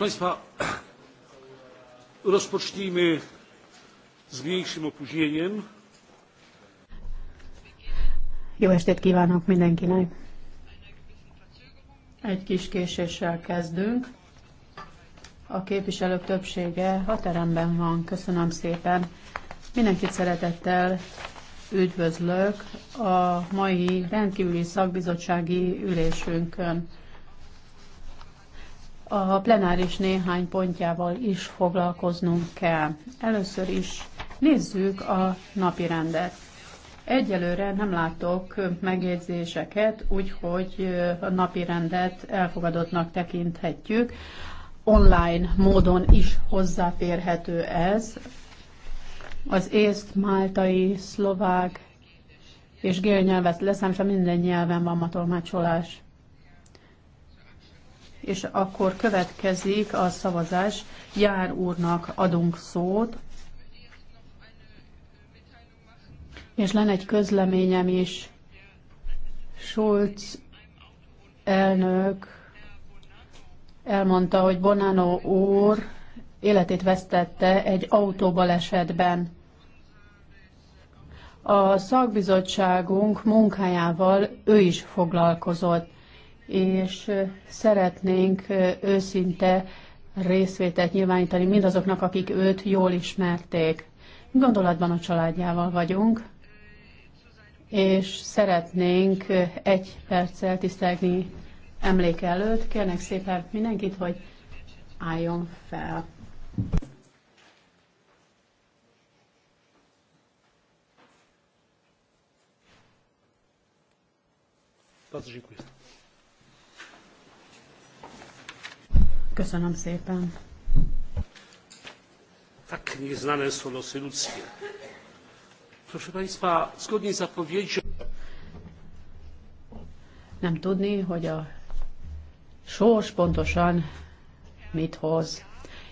Państwa, rozpocznijmy z mniejszym opóźnieniem. Jó estét kívánok mindenkinek! Egy kis késéssel kezdünk. A képviselők többsége a teremben van. Köszönöm szépen. Mindenkit szeretettel üdvözlök a mai rendkívüli szakbizottsági ülésünkön a plenáris néhány pontjával is foglalkoznunk kell. Először is nézzük a napi rendet. Egyelőre nem látok megjegyzéseket, úgyhogy a napi rendet elfogadottnak tekinthetjük. Online módon is hozzáférhető ez. Az észt, máltai, szlovák és gélnyelvet nyelvet leszámítva minden nyelven van ma tolmácsolás és akkor következik a szavazás. Jár úrnak adunk szót. És lenne egy közleményem is. Schulz elnök elmondta, hogy Bonano úr életét vesztette egy autóbalesetben. A szakbizottságunk munkájával ő is foglalkozott és szeretnénk őszinte részvételt nyilvánítani mindazoknak, akik őt jól ismerték. Gondolatban a családjával vagyunk, és szeretnénk egy perccel tisztelni emléke előtt. Kérnek szépen mindenkit, hogy álljon fel. Bardzo dziękuję. Köszönöm szépen. Tak nieznane są losy ludzkie. Proszę Państwa, zgodnie z zapowiedzią... Nem tudni, hogy a sors pontosan mit hoz.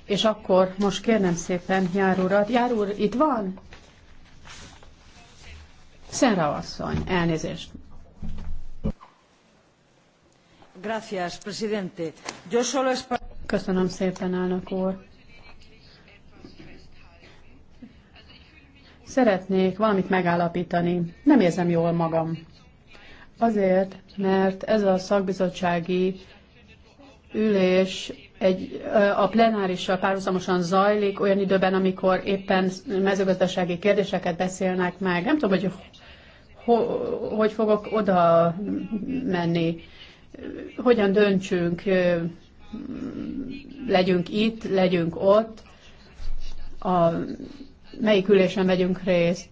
És akkor most kérnem szépen Jár urat. Jár úr, itt van? Szenra asszony, elnézést. Gracias, presidente. Yo solo Köszönöm szépen, elnök úr. Szeretnék valamit megállapítani. Nem érzem jól magam. Azért, mert ez a szakbizottsági ülés egy, a plenárissal párhuzamosan zajlik olyan időben, amikor éppen mezőgazdasági kérdéseket beszélnek meg. Nem tudom, hogy ho, hogy fogok oda menni, hogyan döntsünk, legyünk itt, legyünk ott, a, melyik ülésen vegyünk részt.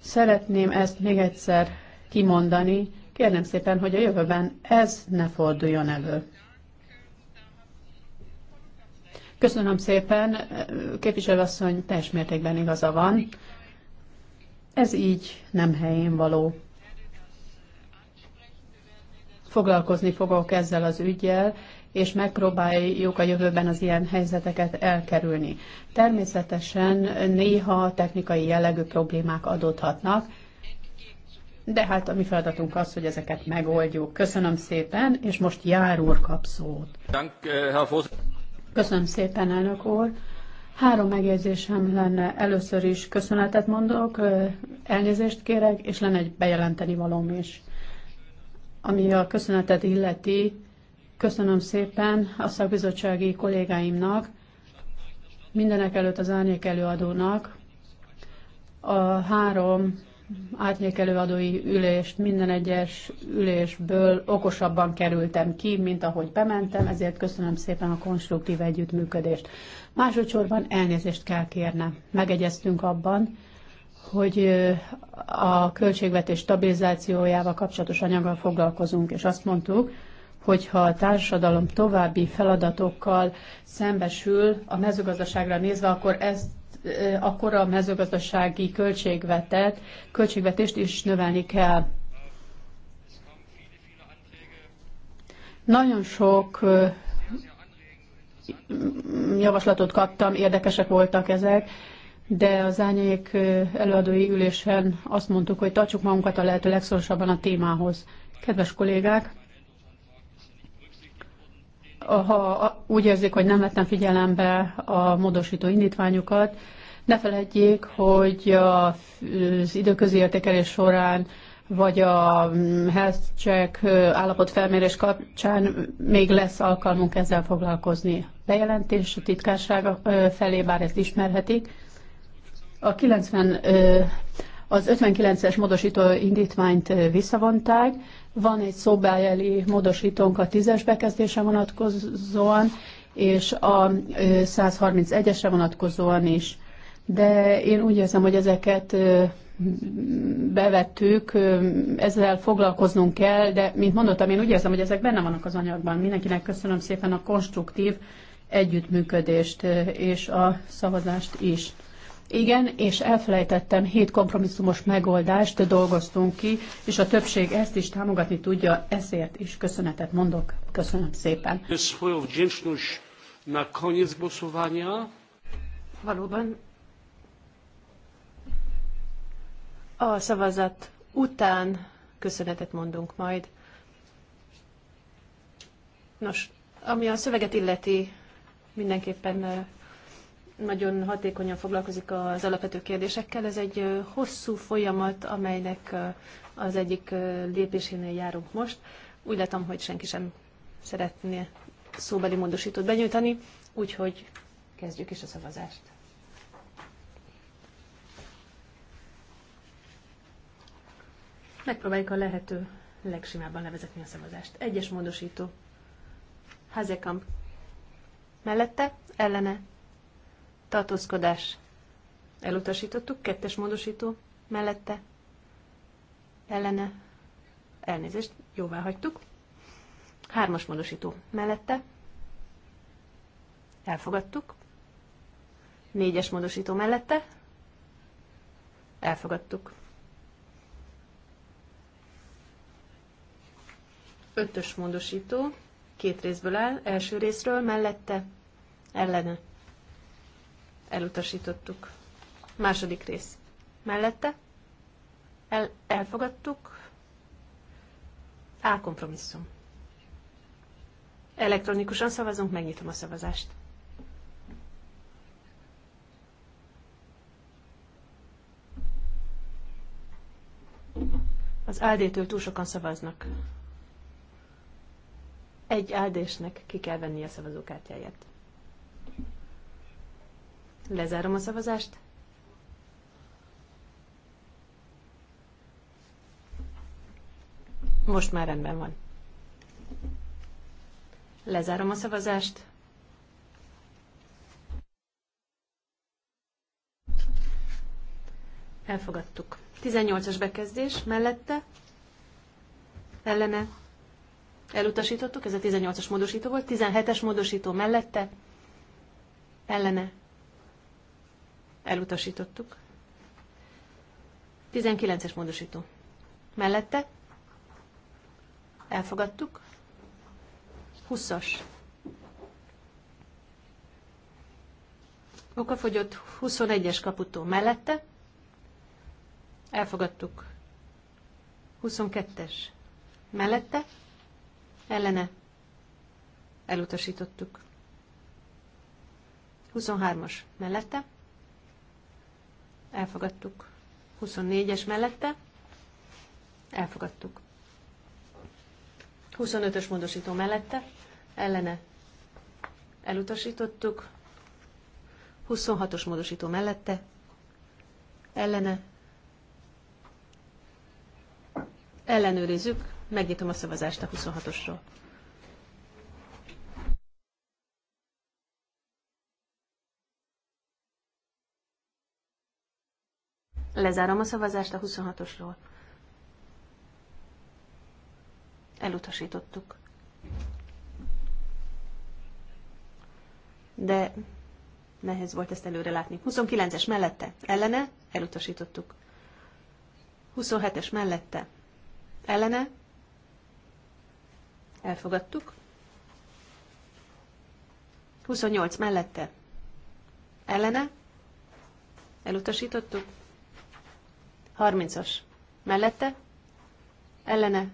Szeretném ezt még egyszer kimondani. Kérném szépen, hogy a jövőben ez ne forduljon elő. Köszönöm szépen, képviselőasszony, teljes mértékben igaza van. Ez így nem helyén való. Foglalkozni fogok ezzel az ügyel, és megpróbáljuk a jövőben az ilyen helyzeteket elkerülni. Természetesen néha technikai jellegű problémák adódhatnak, de hát a mi feladatunk az, hogy ezeket megoldjuk. Köszönöm szépen, és most Jár úr kap szót. Eh, Köszönöm szépen, elnök úr. Három megjegyzésem lenne. Először is köszönetet mondok, eh, elnézést kérek, és lenne egy bejelenteni valóm is. Ami a köszönetet illeti, Köszönöm szépen a szakbizottsági kollégáimnak, mindenek előtt az árnyék előadónak, a három árnyék előadói ülést minden egyes ülésből okosabban kerültem ki, mint ahogy bementem, ezért köszönöm szépen a konstruktív együttműködést. Másodszorban elnézést kell kérnem. Megegyeztünk abban, hogy a költségvetés stabilizációjával kapcsolatos anyaggal foglalkozunk, és azt mondtuk, hogyha a társadalom további feladatokkal szembesül a mezőgazdaságra nézve, akkor ezt eh, akkor a mezőgazdasági költségvetet, költségvetést is növelni kell. Nagyon sok eh, javaslatot kaptam, érdekesek voltak ezek, de az ányék eh, előadói ülésen azt mondtuk, hogy tartsuk magunkat a lehető legszorosabban a témához. Kedves kollégák! ha úgy érzik, hogy nem vettem figyelembe a módosító indítványukat, ne feledjék, hogy az időközi értékelés során vagy a mm, health check felmérés kapcsán még lesz alkalmunk ezzel foglalkozni. Bejelentés a titkársága felé, bár ezt ismerhetik. A 90, az 59-es módosító indítványt visszavonták, van egy szobájeli módosítónk a tízes bekezdése vonatkozóan, és a 131-esre vonatkozóan is. De én úgy érzem, hogy ezeket bevettük, ezzel foglalkoznunk kell, de mint mondottam, én úgy érzem, hogy ezek benne vannak az anyagban. Mindenkinek köszönöm szépen a konstruktív együttműködést és a szavazást is. Igen, és elfelejtettem, hét kompromisszumos megoldást dolgoztunk ki, és a többség ezt is támogatni tudja, ezért is köszönetet mondok. Köszönöm szépen. Valóban a szavazat után köszönetet mondunk majd. Nos, ami a szöveget illeti, mindenképpen nagyon hatékonyan foglalkozik az alapvető kérdésekkel. Ez egy hosszú folyamat, amelynek az egyik lépésénél járunk most. Úgy látom, hogy senki sem szeretné szóbeli módosítót benyújtani, úgyhogy kezdjük is a szavazást. Megpróbáljuk a lehető legsimábban levezetni a szavazást. Egyes módosító. Hazekamp. Mellette, ellene, tartózkodás elutasítottuk, kettes módosító mellette, ellene, elnézést, jóvá hagytuk, hármas módosító mellette, elfogadtuk, négyes módosító mellette, elfogadtuk. Ötös módosító, két részből áll, első részről mellette, ellene elutasítottuk. Második rész. Mellette el, elfogadtuk. A kompromisszum. Elektronikusan szavazunk, megnyitom a szavazást. Az áldétől túl sokan szavaznak. Egy áldésnek ki kell venni a szavazókártyáját. Lezárom a szavazást. Most már rendben van. Lezárom a szavazást. Elfogadtuk. 18-as bekezdés mellette, ellene, elutasítottuk, ez a 18-as módosító volt, 17-es módosító mellette, ellene, Elutasítottuk. 19-es módosító. Mellette elfogadtuk. 20-as. Okafogyott 21-es kaputó mellette. Elfogadtuk. 22-es. Mellette. Ellene. Elutasítottuk. 23-as. Mellette elfogadtuk. 24-es mellette, elfogadtuk. 25-ös módosító mellette, ellene elutasítottuk. 26-os módosító mellette, ellene ellenőrizzük, megnyitom a szavazást a 26-osról. lezárom a szavazást a 26-osról. Elutasítottuk. De nehéz volt ezt előre látni. 29-es mellette, ellene, elutasítottuk. 27-es mellette, ellene, elfogadtuk. 28 mellette, ellene, elutasítottuk. 30-as. Mellette? Ellene?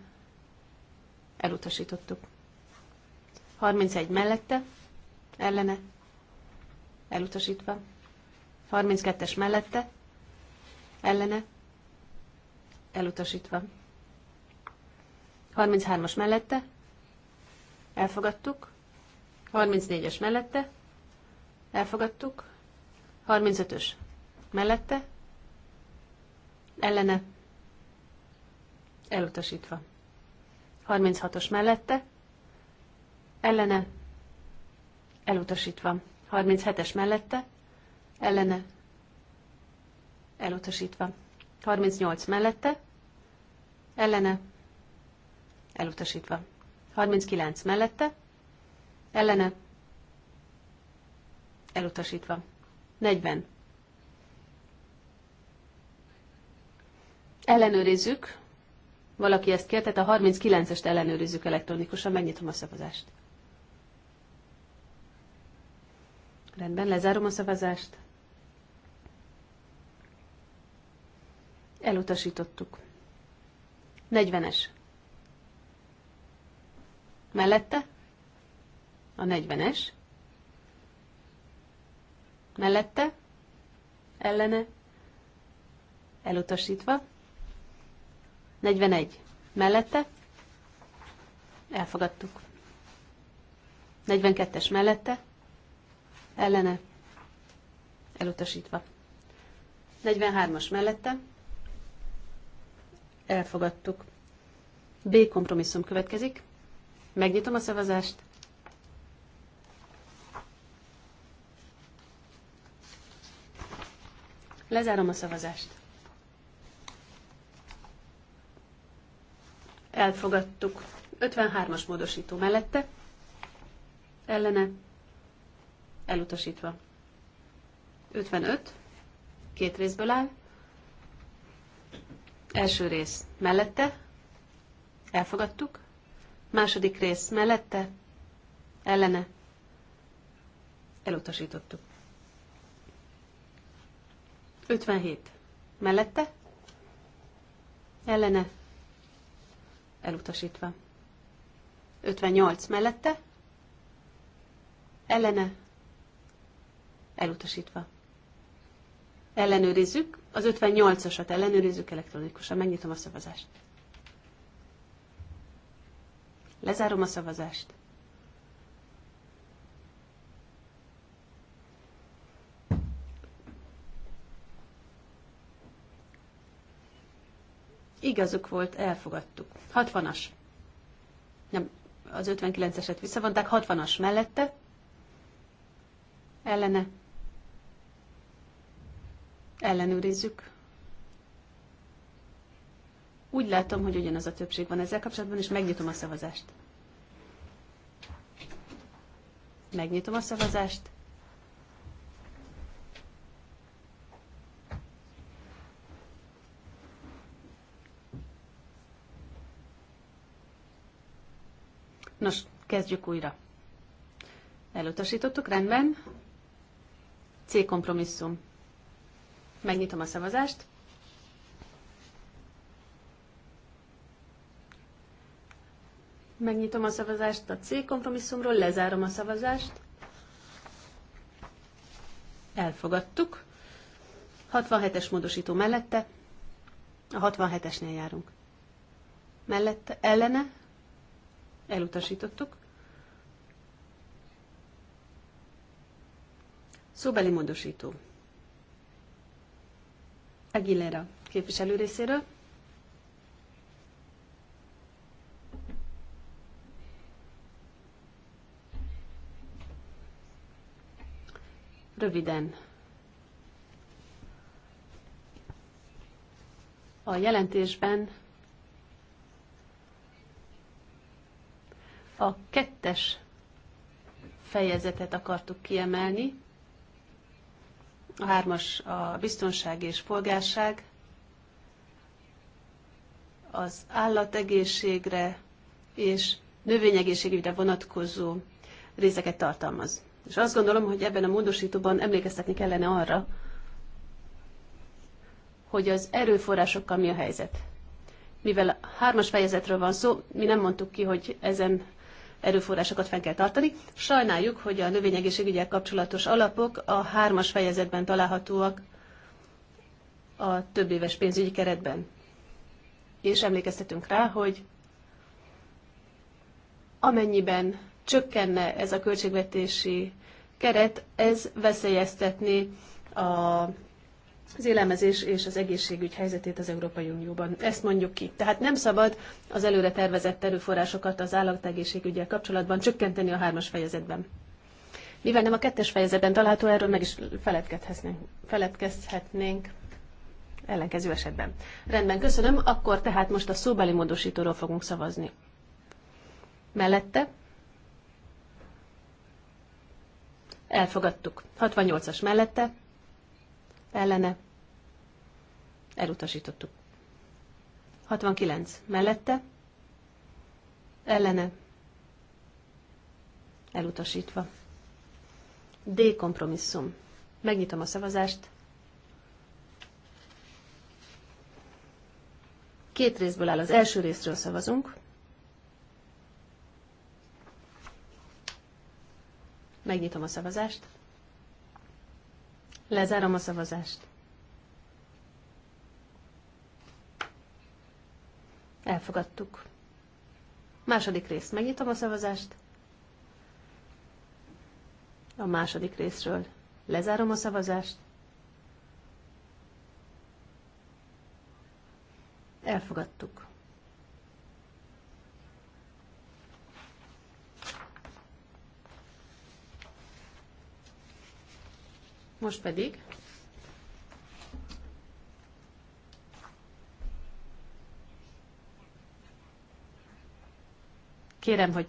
Elutasítottuk. 31 mellette? Ellene? Elutasítva. 32-es mellette? Ellene? Elutasítva. 33-as mellette? Elfogadtuk. 34-es mellette? Elfogadtuk. 35-ös mellette? ellene elutasítva. 36-os mellette ellene elutasítva. 37-es mellette ellene elutasítva. 38 mellette ellene elutasítva. 39 mellette ellene elutasítva. 40 ellenőrizzük, valaki ezt kérte, a 39-est ellenőrizzük elektronikusan, megnyitom a szavazást. Rendben, lezárom a szavazást. Elutasítottuk. 40-es. Mellette? A 40-es. Mellette? Ellene? Elutasítva. 41. Mellette? Elfogadtuk. 42-es mellette? Ellene? Elutasítva. 43-as mellette? Elfogadtuk. B kompromisszum következik. Megnyitom a szavazást. Lezárom a szavazást. elfogadtuk. 53-as módosító mellette, ellene, elutasítva. 55, két részből áll. Első rész mellette, elfogadtuk. Második rész mellette, ellene, elutasítottuk. 57. Mellette? Ellene, elutasítva. 58 mellette, ellene, elutasítva. Ellenőrizzük, az 58-asat ellenőrizzük elektronikusan, megnyitom a szavazást. Lezárom a szavazást. Igazuk volt, elfogadtuk. 60-as. Nem, az 59-eset visszavonták, 60-as mellette. Ellene. Ellenőrizzük. Úgy látom, hogy ugyanaz a többség van ezzel kapcsolatban, és megnyitom a szavazást. Megnyitom a szavazást. Nos, kezdjük újra. Elutasítottuk, rendben. C kompromisszum. Megnyitom a szavazást. Megnyitom a szavazást a C kompromisszumról, lezárom a szavazást. Elfogadtuk. 67-es módosító mellette. A 67-esnél járunk. Mellette, ellene, elutasítottuk. Szóbeli módosító. Aguilera képviselő részéről. Röviden. A jelentésben A kettes fejezetet akartuk kiemelni, a hármas a biztonság és polgárság, az állategészségre és növényegészségügyre vonatkozó részeket tartalmaz. És azt gondolom, hogy ebben a módosítóban emlékeztetni kellene arra, hogy az erőforrásokkal mi a helyzet. Mivel hármas fejezetről van szó, mi nem mondtuk ki, hogy ezen erőforrásokat fenn kell tartani. Sajnáljuk, hogy a növényegészségügyek kapcsolatos alapok a hármas fejezetben találhatóak a több éves pénzügyi keretben. És emlékeztetünk rá, hogy amennyiben csökkenne ez a költségvetési keret, ez veszélyeztetni a az élelmezés és az egészségügy helyzetét az Európai Unióban. Ezt mondjuk ki. Tehát nem szabad az előre tervezett erőforrásokat az állategészségügyel kapcsolatban csökkenteni a hármas fejezetben. Mivel nem a kettes fejezetben található, erről meg is feledkezhetnénk. feledkezhetnénk ellenkező esetben. Rendben, köszönöm. Akkor tehát most a szóbeli módosítóról fogunk szavazni. Mellette elfogadtuk. 68-as mellette ellene, elutasítottuk. 69 mellette, ellene, elutasítva. D kompromisszum. Megnyitom a szavazást. Két részből áll. Az első részről szavazunk. Megnyitom a szavazást. Lezárom a szavazást. Elfogadtuk. Második rész. Megnyitom a szavazást. A második részről lezárom a szavazást. Elfogadtuk. Most pedig kérem, hogy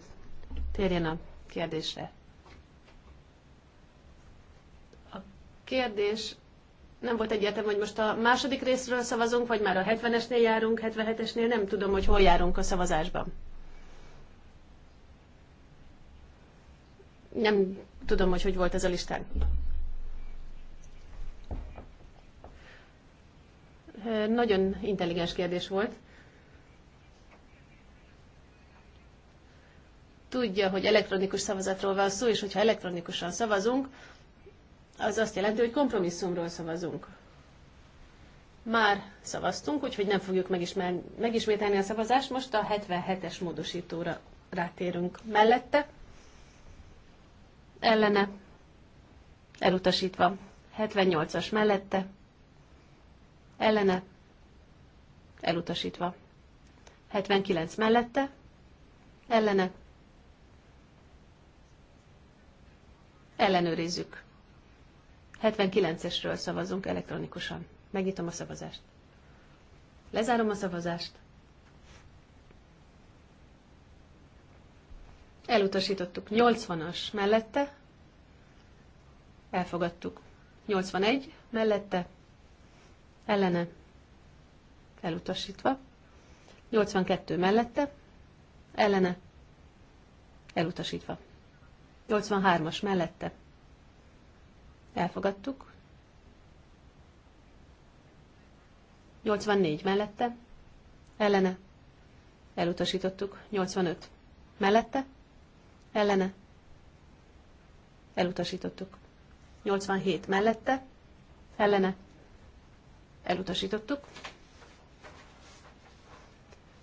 térjen a kérdésre. A kérdés nem volt egyértelmű, hogy most a második részről szavazunk, vagy már a 70-esnél járunk, 77-esnél, nem tudom, hogy hol járunk a szavazásban. Nem tudom, hogy hogy volt ez a listán. Nagyon intelligens kérdés volt. Tudja, hogy elektronikus szavazatról van szó, és hogyha elektronikusan szavazunk, az azt jelenti, hogy kompromisszumról szavazunk. Már szavaztunk, úgyhogy nem fogjuk megismer, megismételni a szavazást. Most a 77-es módosítóra rátérünk mellette. Ellene. Elutasítva. 78-as mellette ellene, elutasítva. 79 mellette, ellene, ellenőrizzük. 79-esről szavazunk elektronikusan. Megnyitom a szavazást. Lezárom a szavazást. Elutasítottuk 80-as mellette, elfogadtuk 81 mellette, ellene elutasítva, 82 mellette, ellene elutasítva, 83-as mellette elfogadtuk, 84 mellette, ellene elutasítottuk, 85 mellette, ellene elutasítottuk, 87 mellette, ellene Elutasítottuk.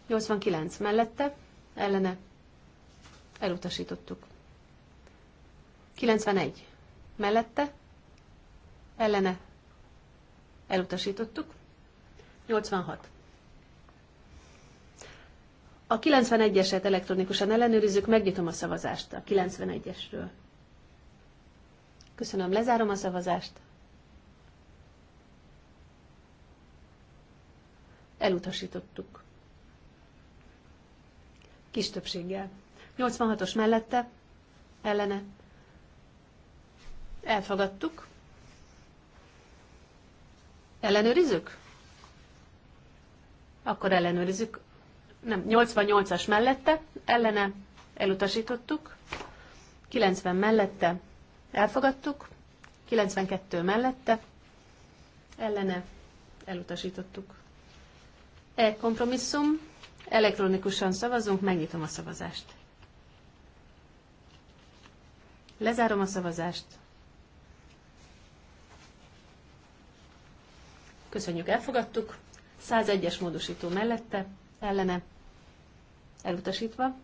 89 mellette, ellene, elutasítottuk. 91 mellette, ellene, elutasítottuk. 86. A 91-eset elektronikusan ellenőrizzük, megnyitom a szavazást a 91-esről. Köszönöm, lezárom a szavazást. Elutasítottuk. Kis többséggel. 86-os mellette, ellene. Elfogadtuk. Ellenőrizzük? Akkor ellenőrizzük. Nem, 88-as mellette, ellene, elutasítottuk. 90 mellette, elfogadtuk. 92 mellette, ellene, elutasítottuk. E kompromisszum, elektronikusan szavazunk, megnyitom a szavazást. Lezárom a szavazást. Köszönjük, elfogadtuk. 101-es módosító mellette, ellene, elutasítva.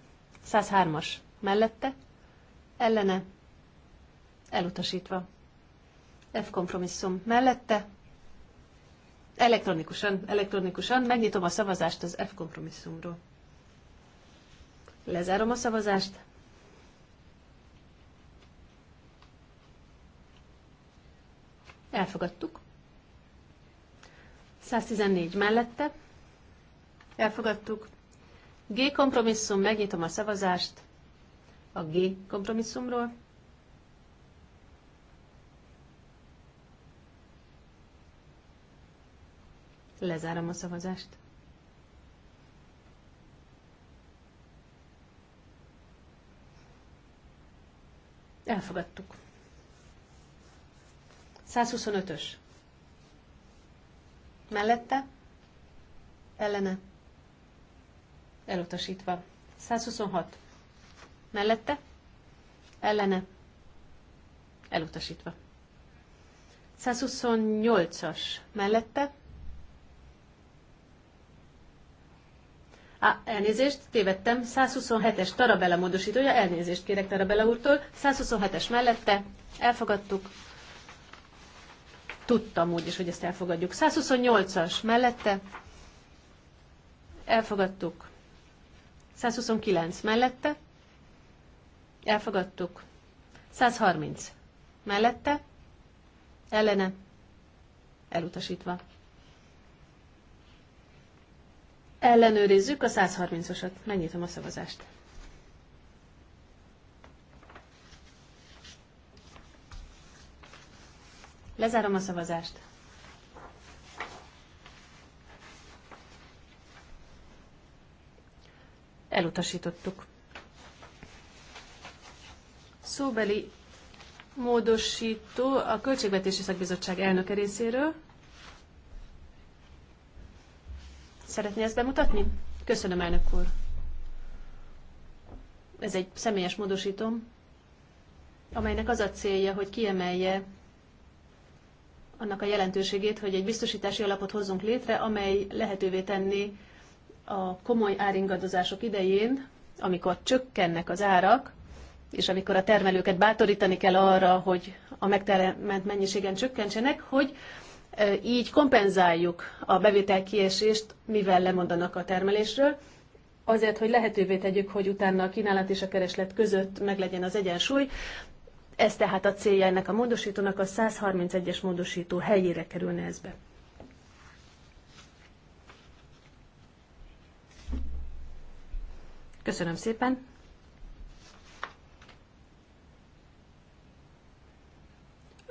103-as mellette, ellene, elutasítva. F kompromisszum mellette, Elektronikusan, elektronikusan megnyitom a szavazást az F kompromisszumról. Lezárom a szavazást. Elfogadtuk. 114 mellette. Elfogadtuk. G kompromisszum, megnyitom a szavazást a G kompromisszumról. Lezárom a szavazást. Elfogadtuk. 125-ös. Mellette? Ellene? Elutasítva. 126. Mellette? Ellene? Elutasítva. 128-as. Mellette? Á, elnézést, tévedtem, 127-es Tarabella módosítója, elnézést kérek Tarabella úrtól, 127-es mellette, elfogadtuk, tudtam úgyis, hogy ezt elfogadjuk. 128-as mellette, elfogadtuk, 129 mellette, elfogadtuk, 130 mellette, ellene, elutasítva. Ellenőrizzük a 130-osat. Megnyitom a szavazást. Lezárom a szavazást. Elutasítottuk. Szóbeli módosító a Költségvetési Szakbizottság elnöke részéről. Szeretné ezt bemutatni? Köszönöm, elnök úr. Ez egy személyes módosítom, amelynek az a célja, hogy kiemelje annak a jelentőségét, hogy egy biztosítási alapot hozzunk létre, amely lehetővé tenni a komoly áringadozások idején, amikor csökkennek az árak, és amikor a termelőket bátorítani kell arra, hogy a megtermelt mennyiségen csökkentsenek, hogy így kompenzáljuk a bevétel kiesést, mivel lemondanak a termelésről, azért, hogy lehetővé tegyük, hogy utána a kínálat és a kereslet között meglegyen az egyensúly. Ez tehát a célja ennek a módosítónak, a 131-es módosító helyére kerülne ez be. Köszönöm szépen!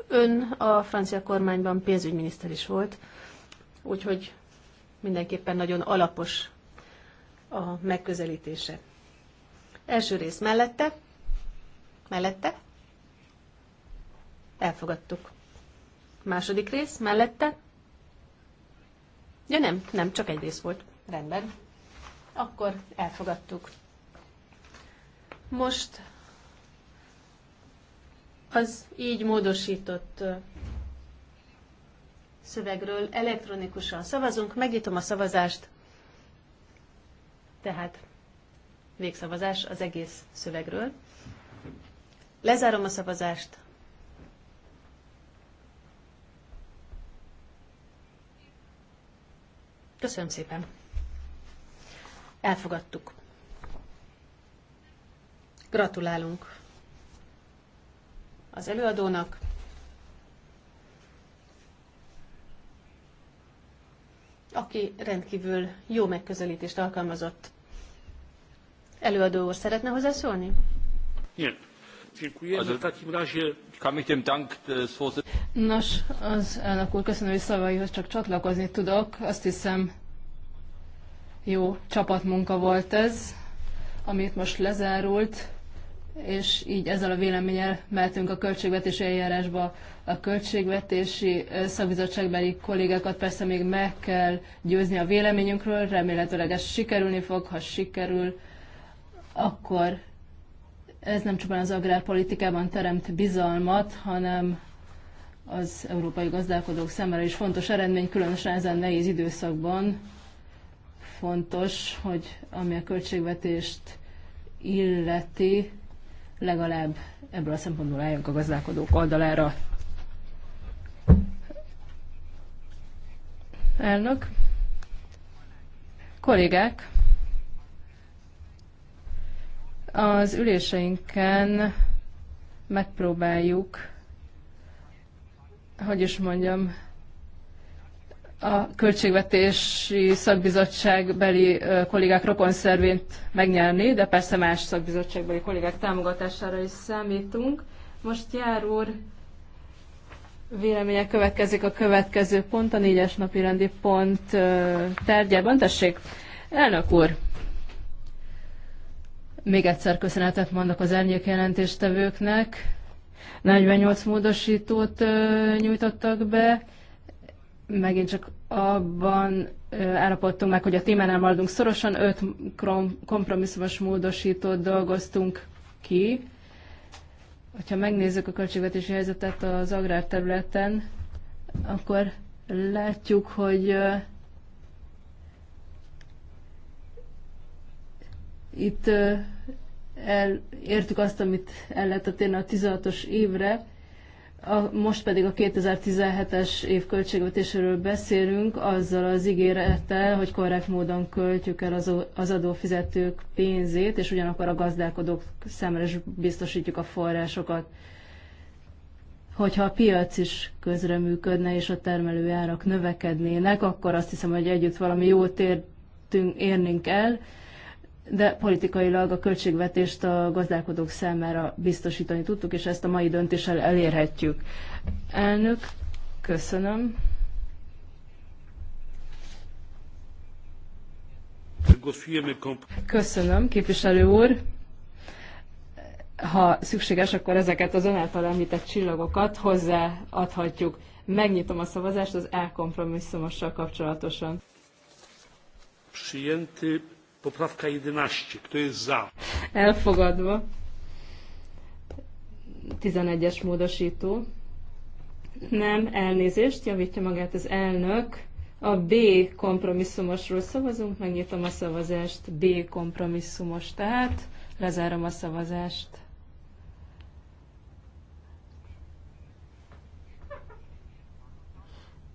Ön a francia kormányban pénzügyminiszter is volt, úgyhogy mindenképpen nagyon alapos a megközelítése. Első rész mellette, mellette, elfogadtuk. Második rész mellette, ja nem, nem, csak egy rész volt, rendben. Akkor elfogadtuk. Most az így módosított szövegről elektronikusan szavazunk. Megnyitom a szavazást, tehát végszavazás az egész szövegről. Lezárom a szavazást. Köszönöm szépen. Elfogadtuk. Gratulálunk az előadónak. aki rendkívül jó megközelítést alkalmazott. Előadó úr szeretne hozzászólni? Igen. E, Nos, az elnök úr köszönő szavaihoz csak csatlakozni tudok. Azt hiszem, jó csapatmunka volt ez, amit most lezárult és így ezzel a véleménnyel mehetünk a költségvetési eljárásba. A költségvetési szakbizottságbeli kollégákat persze még meg kell győzni a véleményünkről, remélhetőleg ez sikerülni fog, ha sikerül, akkor ez nem csupán az agrárpolitikában teremt bizalmat, hanem az európai gazdálkodók számára is fontos eredmény, különösen ezen nehéz időszakban fontos, hogy ami a költségvetést illeti, legalább ebből a szempontból álljunk a gazdálkodók oldalára. Elnök, kollégák, az üléseinken megpróbáljuk, hogy is mondjam, a költségvetési beli kollégák rokonszervént megnyerni, de persze más szakbizottságbeli kollégák támogatására is számítunk. Most jár úr véleménye következik a következő pont, a négyes napi rendi pont tárgyában. Tessék, elnök úr! Még egyszer köszönetet mondok az árnyék jelentéstevőknek. 48 módosítót nyújtottak be, megint csak abban állapodtunk meg, hogy a témánál maradunk szorosan, öt kompromisszumos módosítót dolgoztunk ki. hogyha megnézzük a költségvetési helyzetet az agrárterületen, akkor látjuk, hogy itt elértük azt, amit el lehetett érni a 16-os évre, a, most pedig a 2017-es év költségvetéséről beszélünk, azzal az ígérettel, hogy korrekt módon költjük el az, az adófizetők pénzét, és ugyanakkor a gazdálkodók számára is biztosítjuk a forrásokat. Hogyha a piac is közreműködne, és a termelő árak növekednének, akkor azt hiszem, hogy együtt valami jót értünk, érnénk el, de politikailag a költségvetést a gazdálkodók számára biztosítani tudtuk, és ezt a mai döntéssel elérhetjük. Elnök, köszönöm. Köszönöm, képviselő úr. Ha szükséges, akkor ezeket az ön által említett csillagokat hozzáadhatjuk. Megnyitom a szavazást az elkompromisszumossal kapcsolatosan. Przyjęty Poprawka 11. Kto jest za? Elfogadva. 11-es módosító. Nem, elnézést, javítja magát az elnök. A B kompromisszumosról szavazunk, megnyitom a szavazást. B kompromisszumos, tehát lezárom a szavazást.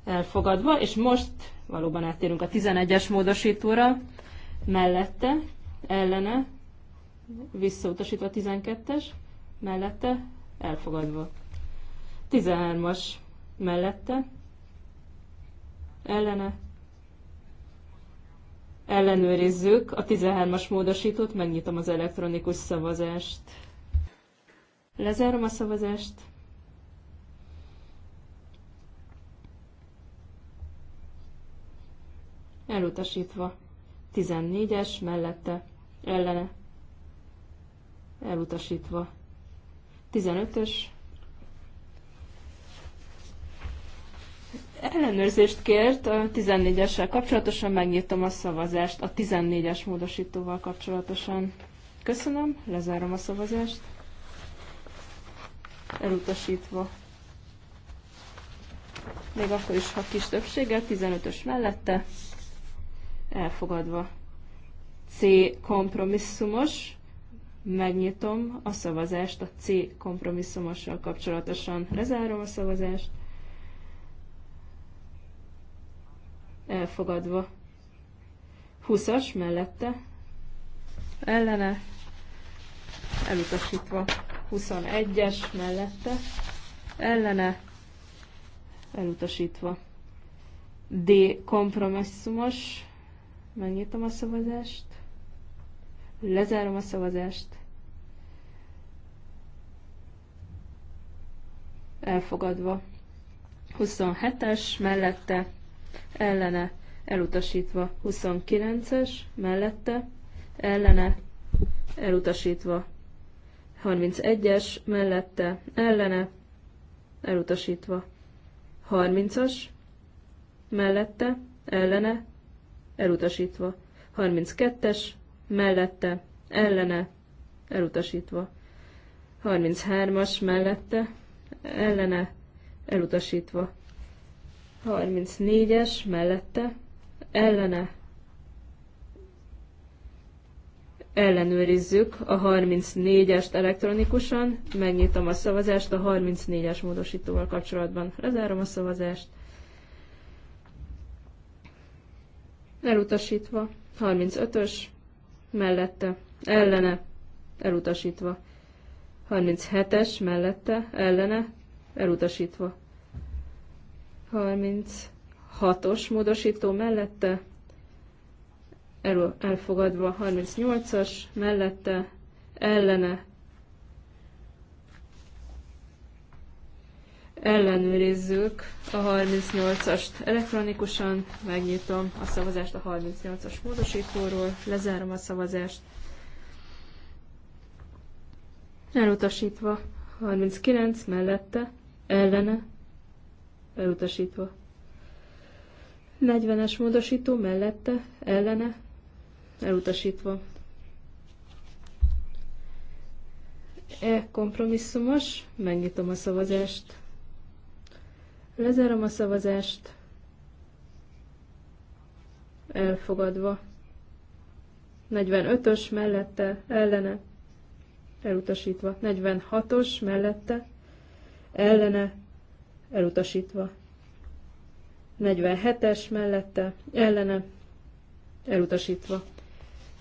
Elfogadva, és most valóban áttérünk a 11-es módosítóra mellette, ellene, visszautasítva 12-es, mellette, elfogadva. 13-as mellette, ellene, ellenőrizzük a 13-as módosítót, megnyitom az elektronikus szavazást. Lezárom a szavazást. Elutasítva. 14-es mellette ellene elutasítva. 15-ös ellenőrzést kért a 14-essel kapcsolatosan, megnyitom a szavazást a 14-es módosítóval kapcsolatosan. Köszönöm, lezárom a szavazást. Elutasítva. Még akkor is, ha kis többséggel, 15-ös mellette, elfogadva. C kompromisszumos, megnyitom a szavazást, a C kompromisszumossal kapcsolatosan lezárom a szavazást, elfogadva. 20-as mellette, ellene, elutasítva. 21-es mellette, ellene, elutasítva. D kompromisszumos, Megnyitom a szavazást. Lezárom a szavazást. Elfogadva. 27-es mellette, ellene, elutasítva. 29-es mellette, ellene, elutasítva. 31-es mellette, ellene, elutasítva. 30-as mellette, ellene, elutasítva. 32-es, mellette, ellene, elutasítva. 33-as, mellette, ellene, elutasítva. 34-es, mellette, ellene, ellenőrizzük a 34-est elektronikusan, megnyitom a szavazást a 34-es módosítóval kapcsolatban. Lezárom a szavazást. elutasítva, 35-ös, mellette, ellene, elutasítva, 37-es, mellette, ellene, elutasítva, 36-os módosító mellette, el, elfogadva, 38-as, mellette, ellene, ellenőrizzük a 38-ast elektronikusan, megnyitom a szavazást a 38-as módosítóról, lezárom a szavazást, elutasítva 39 mellette, ellene, elutasítva. 40-es módosító mellette, ellene, elutasítva. E kompromisszumos, megnyitom a szavazást. Lezárom a szavazást. Elfogadva. 45-ös mellette, ellene, elutasítva. 46-os mellette, ellene, elutasítva. 47-es mellette, ellene, elutasítva.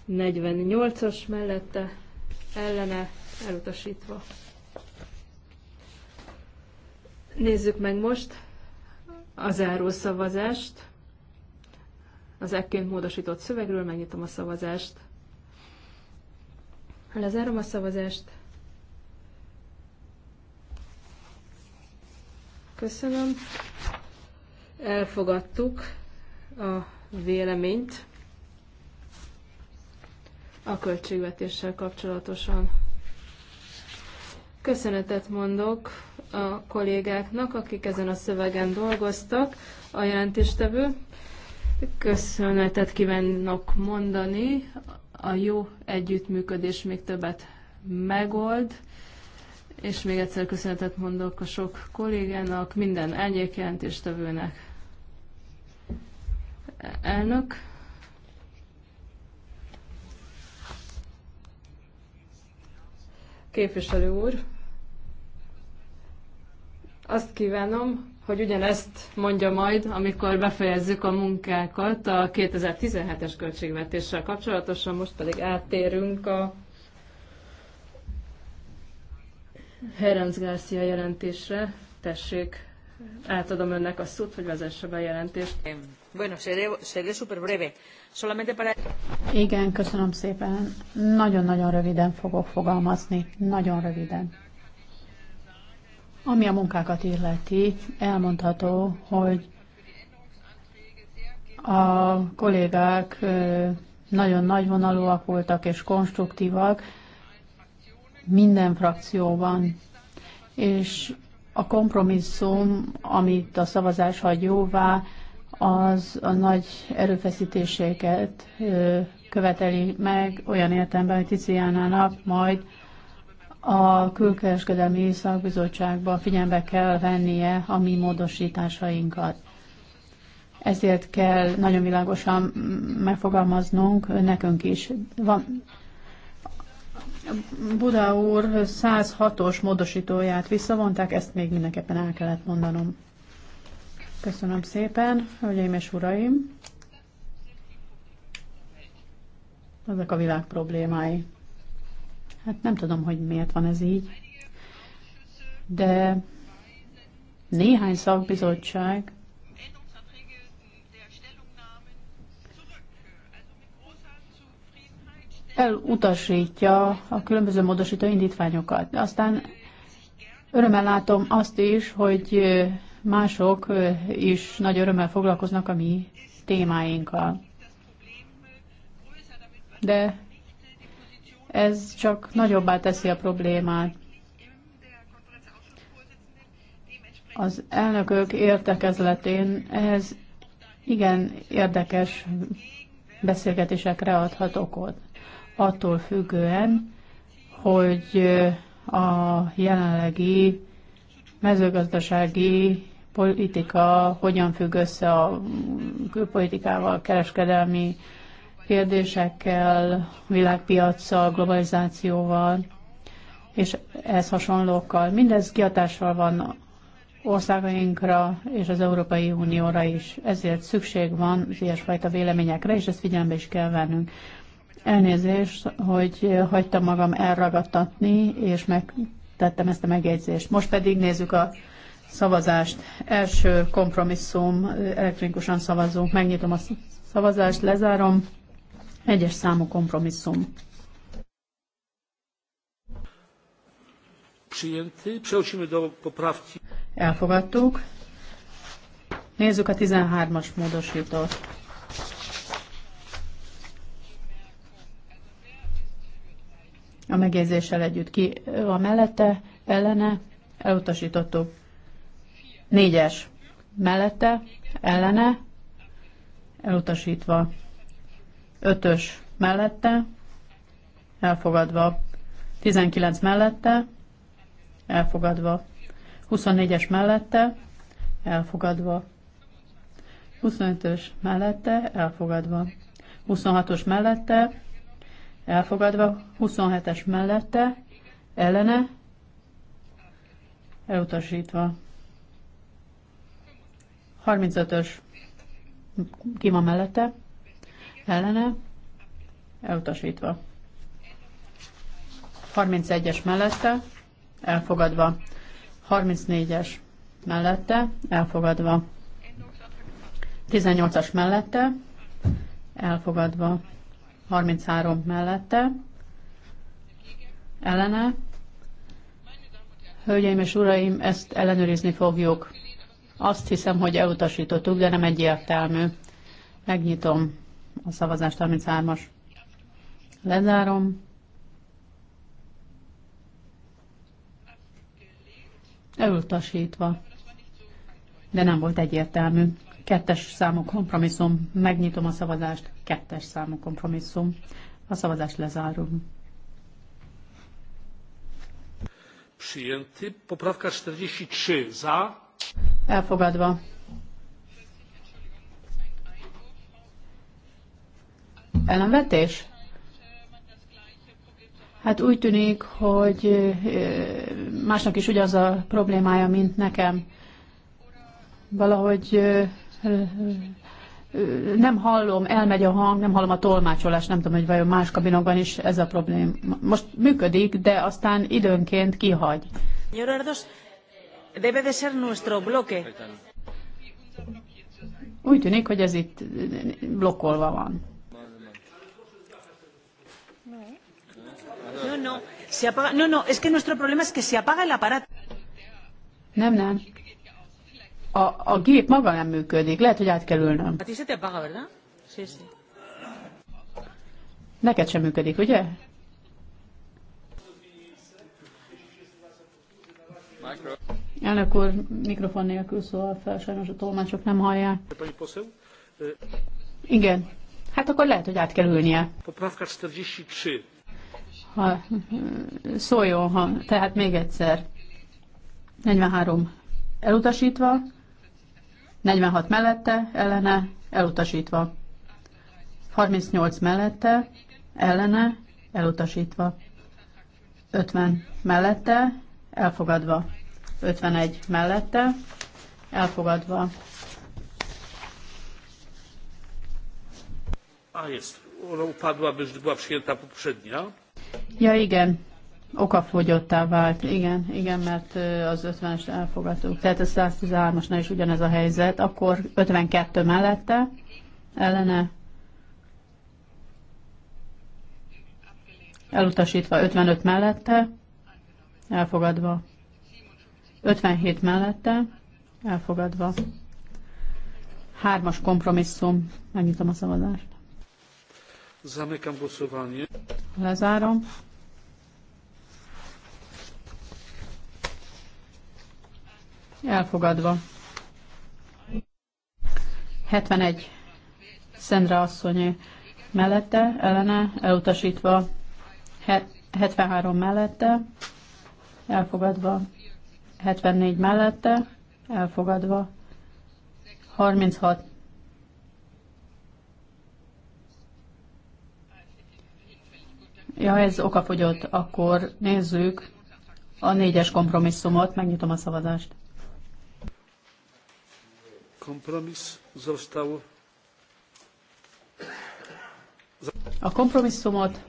48-as mellette, ellene, elutasítva. Nézzük meg most a záró szavazást. Az ekként módosított szövegről megnyitom a szavazást. Lezárom a szavazást. Köszönöm. Elfogadtuk a véleményt a költségvetéssel kapcsolatosan. Köszönetet mondok a kollégáknak, akik ezen a szövegen dolgoztak, a jelentéstevő. Köszönetet kívánok mondani, a jó együttműködés még többet megold, és még egyszer köszönetet mondok a sok kollégának, minden jelentéstevőnek Elnök. Képviselő úr. Azt kívánom, hogy ugyanezt mondja majd, amikor befejezzük a munkákat a 2017-es költségvetéssel kapcsolatosan, most pedig áttérünk a Herenc Garcia jelentésre. Tessék, átadom önnek a szót, hogy vezesse be a jelentést. Bueno, seré, seré super breve. Solamente para... Igen, köszönöm szépen. Nagyon-nagyon röviden fogok fogalmazni. Nagyon röviden. Ami a munkákat illeti, elmondható, hogy a kollégák nagyon nagyvonalúak voltak és konstruktívak minden frakcióban, és a kompromisszum, amit a szavazás hagy jóvá, az a nagy erőfeszítéseket követeli meg olyan értelemben, hogy Tiziánának majd a külkereskedelmi szakbizottságban figyelme kell vennie a mi módosításainkat. Ezért kell nagyon világosan megfogalmaznunk nekünk is. Van, Buda úr 106-os módosítóját visszavonták, ezt még mindenképpen el kellett mondanom. Köszönöm szépen, hölgyeim és uraim! Ezek a világ problémái. Hát nem tudom, hogy miért van ez így, de néhány szakbizottság elutasítja a különböző módosító indítványokat. De aztán örömmel látom azt is, hogy mások is nagy örömmel foglalkoznak a mi témáinkkal. De ez csak nagyobbá teszi a problémát. Az elnökök értekezletén ehhez igen érdekes beszélgetésekre adhat okot. Attól függően, hogy a jelenlegi mezőgazdasági politika hogyan függ össze a külpolitikával, kereskedelmi kérdésekkel, világpiacsal, globalizációval és ehhez hasonlókkal. Mindez kiatással van országainkra és az Európai Unióra is. Ezért szükség van az ilyesfajta véleményekre, és ezt figyelembe is kell vennünk. Elnézést, hogy hagytam magam elragadtatni, és megtettem ezt a megjegyzést. Most pedig nézzük a szavazást. Első kompromisszum, elektronikusan szavazunk. Megnyitom a szavazást, lezárom. Egyes számú kompromisszum. Elfogadtuk. Nézzük a 13-as módosítót. A megjegyzéssel együtt ki a mellette, ellene, elutasítottuk. Négyes. Mellette, ellene, elutasítva. Ötös mellette, elfogadva. 19 mellette, elfogadva. 24-es mellette, elfogadva. 25-ös mellette, elfogadva. 26-os mellette, elfogadva. 27-es mellette, ellene, elutasítva. 35-ös ki van mellette, ellene elutasítva. 31-es mellette elfogadva. 34-es mellette elfogadva. 18-as mellette elfogadva. 33 mellette ellene. Hölgyeim és uraim, ezt ellenőrizni fogjuk. Azt hiszem, hogy elutasítottuk, de nem egyértelmű. Megnyitom a szavazás 33-as. Lezárom. Elutasítva. De nem volt egyértelmű. Kettes számú kompromisszum. Megnyitom a szavazást. Kettes számú kompromisszum. A szavazást lezárom. Przyjęty. Poprawka 43 za. Elfogadva. ellenvetés? Hát úgy tűnik, hogy másnak is ugyanaz a problémája, mint nekem. Valahogy nem hallom, elmegy a hang, nem hallom a tolmácsolást, nem tudom, hogy vajon más kabinokban is ez a probléma. Most működik, de aztán időnként kihagy. Úgy tűnik, hogy ez itt blokkolva van. No, no, se apaga. No, no, es que nuestro problema es que se apaga el aparato. Nem, nem. A, a gép maga nem működik, lehet, hogy át kell ülnöm. A hát ti se te apaga, verdad? Sí, sí. Neked sem működik, ugye? Elnök úr, mikrofon nélkül szól fel, sajnos a tolmácsok nem hallják. Igen. Hát akkor lehet, hogy át kell ülnie. 43 ha, szóljon, ha, tehát még egyszer. 43 elutasítva, 46 mellette, ellene, elutasítva. 38 mellette, ellene, elutasítva. 50 mellette, elfogadva. 51 mellette, elfogadva. A jest. Ona upadła, gdyż była przyjęta poprzednia. Ja, igen, okafogyottá vált, igen, igen, mert az 50-est elfogadtuk. Tehát a 113-asnál is ugyanez a helyzet, akkor 52 mellette, ellene elutasítva 55 mellette, elfogadva 57 mellette, elfogadva. Hármas kompromisszum, megnyitom a szavazást. Zamykam głosowanie. Lezárom. Elfogadva. 71. Szendra asszony mellette, ellene, elutasítva. 73 mellette, elfogadva. 74 mellette, elfogadva. 36 Ja, ez okafogyott. Akkor nézzük a négyes kompromisszumot. Megnyitom a szavazást. A kompromisszumot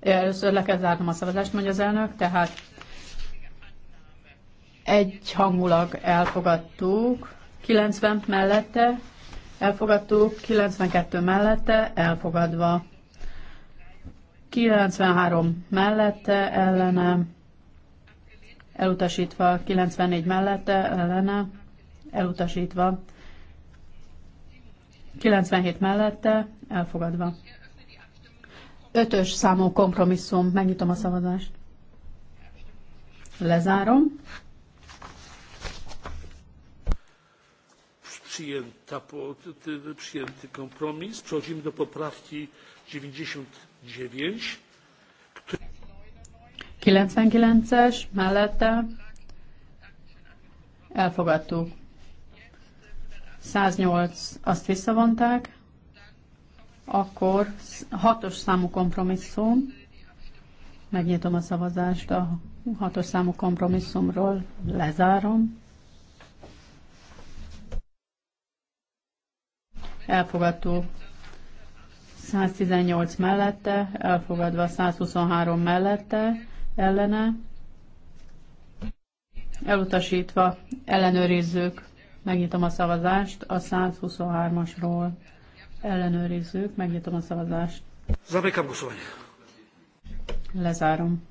először le kell zárnom a szavazást, mondja az elnök, tehát egy hangulag elfogadtuk, 90 mellette, elfogadtuk, 92 mellette, elfogadva. 93 mellette ellene, elutasítva, 94 mellette ellene, elutasítva, 97 mellette elfogadva. Ötös számú kompromisszum, megnyitom a szavazást. Lezárom. Przyjęta, przyjęty kompromis. Przechodzimy do poprawki 90. 99-es mellette elfogadtuk. 108 azt visszavonták, akkor 6-os számú kompromisszum, megnyitom a szavazást a 6-os számú kompromisszumról, lezárom. Elfogadtuk 118 mellette, elfogadva 123 mellette, ellene, elutasítva, ellenőrizzük, megnyitom a szavazást a 123-asról, ellenőrizzük, megnyitom a szavazást. Zamykam głosowanie. Lezárom.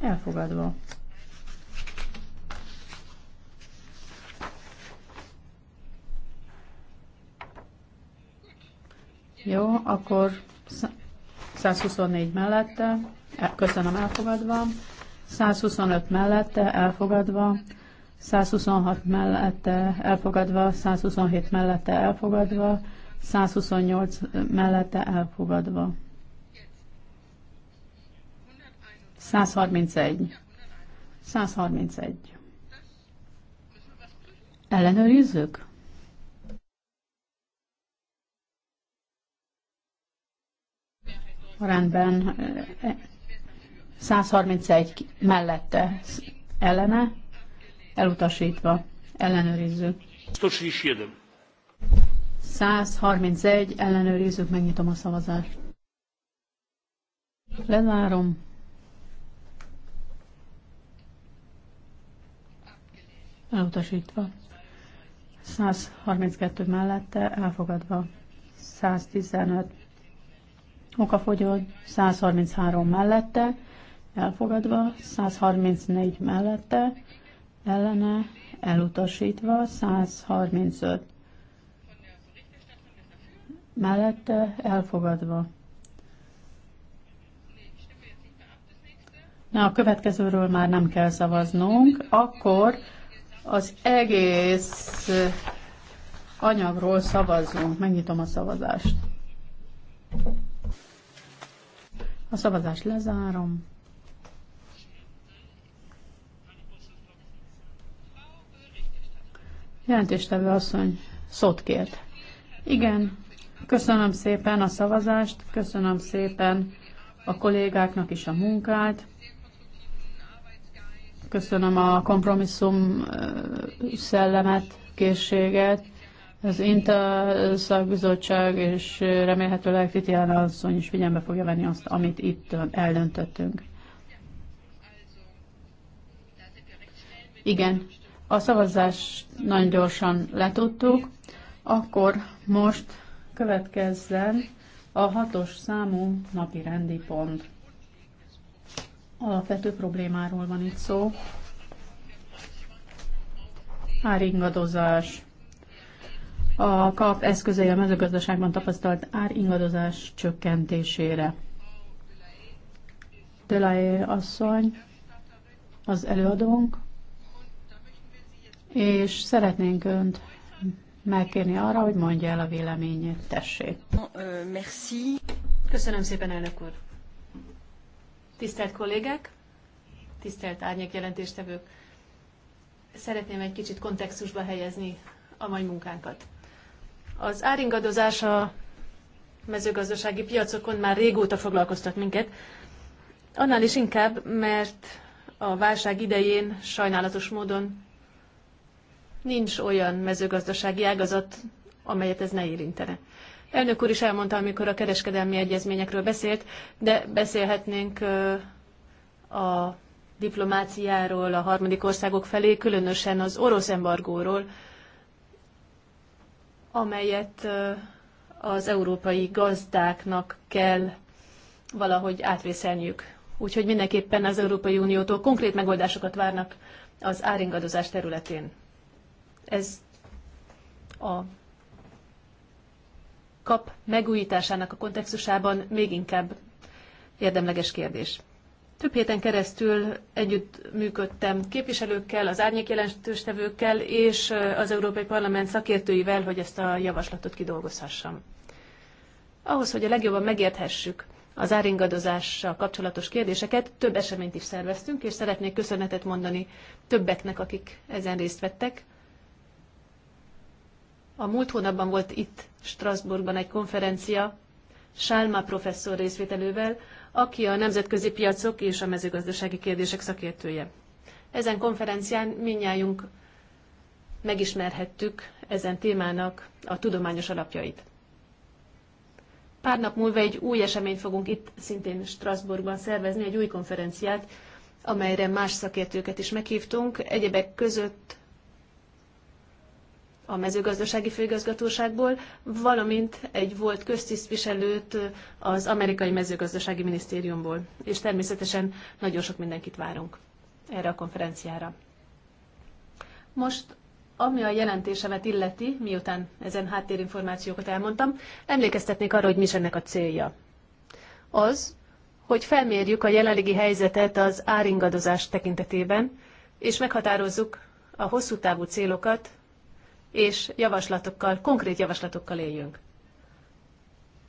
Elfogadva. Jó, akkor 124 mellette, e, köszönöm elfogadva, 125 mellette elfogadva, 126 mellette elfogadva, 127 mellette elfogadva, 128 mellette elfogadva. 131. 131. Ellenőrizzük? Rendben. 131 mellette ellene, elutasítva, ellenőrizzük. 131. 131, ellenőrizzük, megnyitom a szavazást. Lezárom. Elutasítva. 132 mellette, elfogadva. 115 okafogyó 133 mellette, elfogadva, 134 mellette, ellene, elutasítva, 135 mellette, elfogadva. Na, a következőről már nem kell szavaznunk, akkor az egész anyagról szavazzunk. Megnyitom a szavazást. A szavazást lezárom. Jelentéstevő asszony szót kért. Igen, köszönöm szépen a szavazást, köszönöm szépen a kollégáknak is a munkát, köszönöm a kompromisszum szellemet, készséget, az INTA szakbizottság, és remélhetőleg Titiana asszony is figyelme fogja venni azt, amit itt eldöntöttünk. Igen, a szavazást nagyon gyorsan letudtuk, akkor most következzen a hatos számú napi rendi pont. Alapvető problémáról van itt szó. Áringadozás a kap eszközei a mezőgazdaságban tapasztalt áringadozás csökkentésére. Delaé asszony, az előadónk, és szeretnénk Önt megkérni arra, hogy mondja el a véleményét. Tessék. Merci. Köszönöm szépen, elnök úr. Tisztelt kollégák, tisztelt árnyék jelentéstevők, szeretném egy kicsit kontextusba helyezni a mai munkánkat. Az áringadozás a mezőgazdasági piacokon már régóta foglalkoztat minket, annál is inkább, mert a válság idején sajnálatos módon nincs olyan mezőgazdasági ágazat, amelyet ez ne érintene. Elnök úr is elmondta, amikor a kereskedelmi egyezményekről beszélt, de beszélhetnénk a diplomáciáról a harmadik országok felé, különösen az orosz embargóról, amelyet az európai gazdáknak kell valahogy átvészelniük. Úgyhogy mindenképpen az Európai Uniótól konkrét megoldásokat várnak az áringadozás területén. Ez a kap megújításának a kontextusában még inkább érdemleges kérdés. Több héten keresztül együtt működtem képviselőkkel, az árnyék jelentőstevőkkel és az Európai Parlament szakértőivel, hogy ezt a javaslatot kidolgozhassam. Ahhoz, hogy a legjobban megérthessük az áringadozással kapcsolatos kérdéseket, több eseményt is szerveztünk, és szeretnék köszönetet mondani többeknek, akik ezen részt vettek. A múlt hónapban volt itt Strasbourgban egy konferencia Sálma professzor részvételével, aki a nemzetközi piacok és a mezőgazdasági kérdések szakértője. Ezen konferencián minnyájunk megismerhettük ezen témának a tudományos alapjait. Pár nap múlva egy új eseményt fogunk itt szintén Strasbourgban szervezni, egy új konferenciát, amelyre más szakértőket is meghívtunk, egyebek között a mezőgazdasági főigazgatóságból, valamint egy volt köztisztviselőt az amerikai mezőgazdasági minisztériumból. És természetesen nagyon sok mindenkit várunk erre a konferenciára. Most, ami a jelentésemet illeti, miután ezen háttérinformációkat elmondtam, emlékeztetnék arra, hogy mi is ennek a célja. Az, hogy felmérjük a jelenlegi helyzetet az áringadozás tekintetében, és meghatározzuk a hosszú távú célokat, és javaslatokkal, konkrét javaslatokkal éljünk.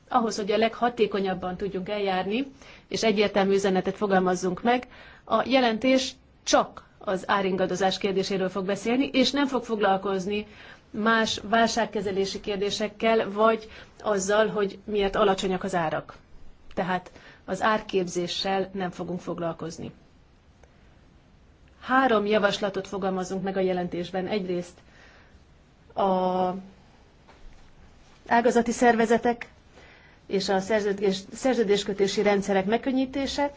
Ahhoz, hogy a leghatékonyabban tudjunk eljárni, és egyértelmű üzenetet fogalmazzunk meg, a jelentés csak az áringadozás kérdéséről fog beszélni, és nem fog foglalkozni más válságkezelési kérdésekkel, vagy azzal, hogy miért alacsonyak az árak. Tehát az árképzéssel nem fogunk foglalkozni. Három javaslatot fogalmazunk meg a jelentésben. Egyrészt a ágazati szervezetek és a szerződéskötési rendszerek megkönnyítése,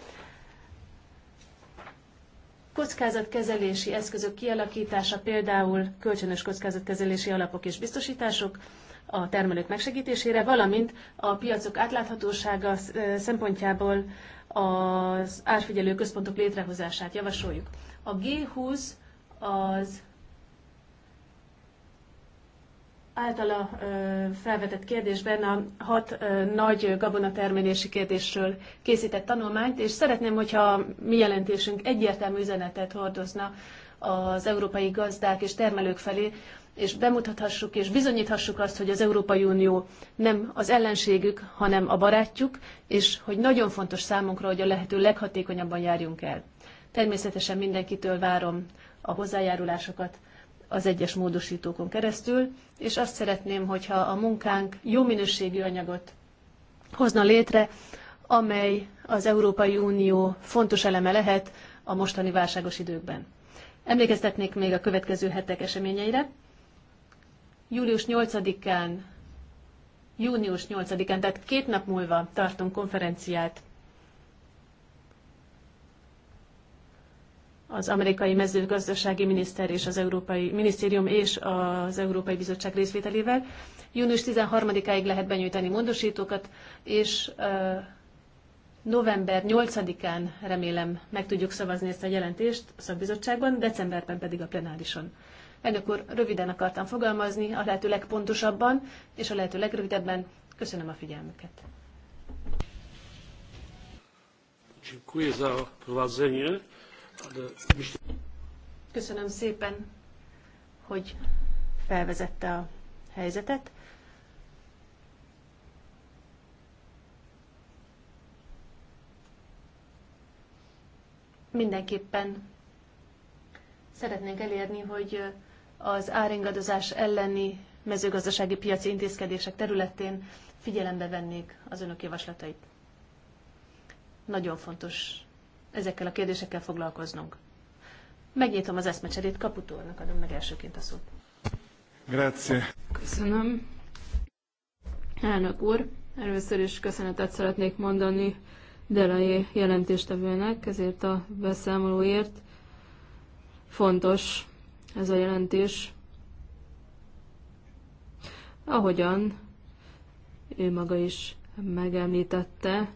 kockázatkezelési eszközök kialakítása, például kölcsönös kockázatkezelési alapok és biztosítások a termelők megsegítésére, valamint a piacok átláthatósága szempontjából az árfigyelő központok létrehozását javasoljuk. A G20 az általa felvetett kérdésben a hat nagy gabonatermelési kérdésről készített tanulmányt, és szeretném, hogyha mi jelentésünk egyértelmű üzenetet hordozna az európai gazdák és termelők felé, és bemutathassuk és bizonyíthassuk azt, hogy az Európai Unió nem az ellenségük, hanem a barátjuk, és hogy nagyon fontos számunkra, hogy a lehető leghatékonyabban járjunk el. Természetesen mindenkitől várom a hozzájárulásokat az egyes módosítókon keresztül, és azt szeretném, hogyha a munkánk jó minőségű anyagot hozna létre, amely az Európai Unió fontos eleme lehet a mostani válságos időkben. Emlékeztetnék még a következő hetek eseményeire. Július 8-án, június 8-án, tehát két nap múlva tartunk konferenciát az amerikai mezőgazdasági miniszter és az Európai Minisztérium és az Európai Bizottság részvételével. Június 13-áig lehet benyújtani módosítókat, és november 8-án remélem meg tudjuk szavazni ezt a jelentést a szakbizottságban, decemberben pedig a plenárison. Elnök úr, röviden akartam fogalmazni, a lehető legpontosabban és a lehető legrövidebben. Köszönöm a figyelmüket. Dziękuję za prowadzenie. Köszönöm szépen, hogy felvezette a helyzetet. Mindenképpen szeretnénk elérni, hogy az áringadozás elleni mezőgazdasági piaci intézkedések területén figyelembe vennék az önök javaslatait. Nagyon fontos ezekkel a kérdésekkel foglalkoznunk. Megnyitom az eszmecserét, Kaputornak adom meg elsőként a szót. Grazie. Köszönöm. Elnök úr, először is köszönetet szeretnék mondani Delai jelentéstevőnek ezért a beszámolóért. Fontos ez a jelentés. Ahogyan ő maga is megemlítette,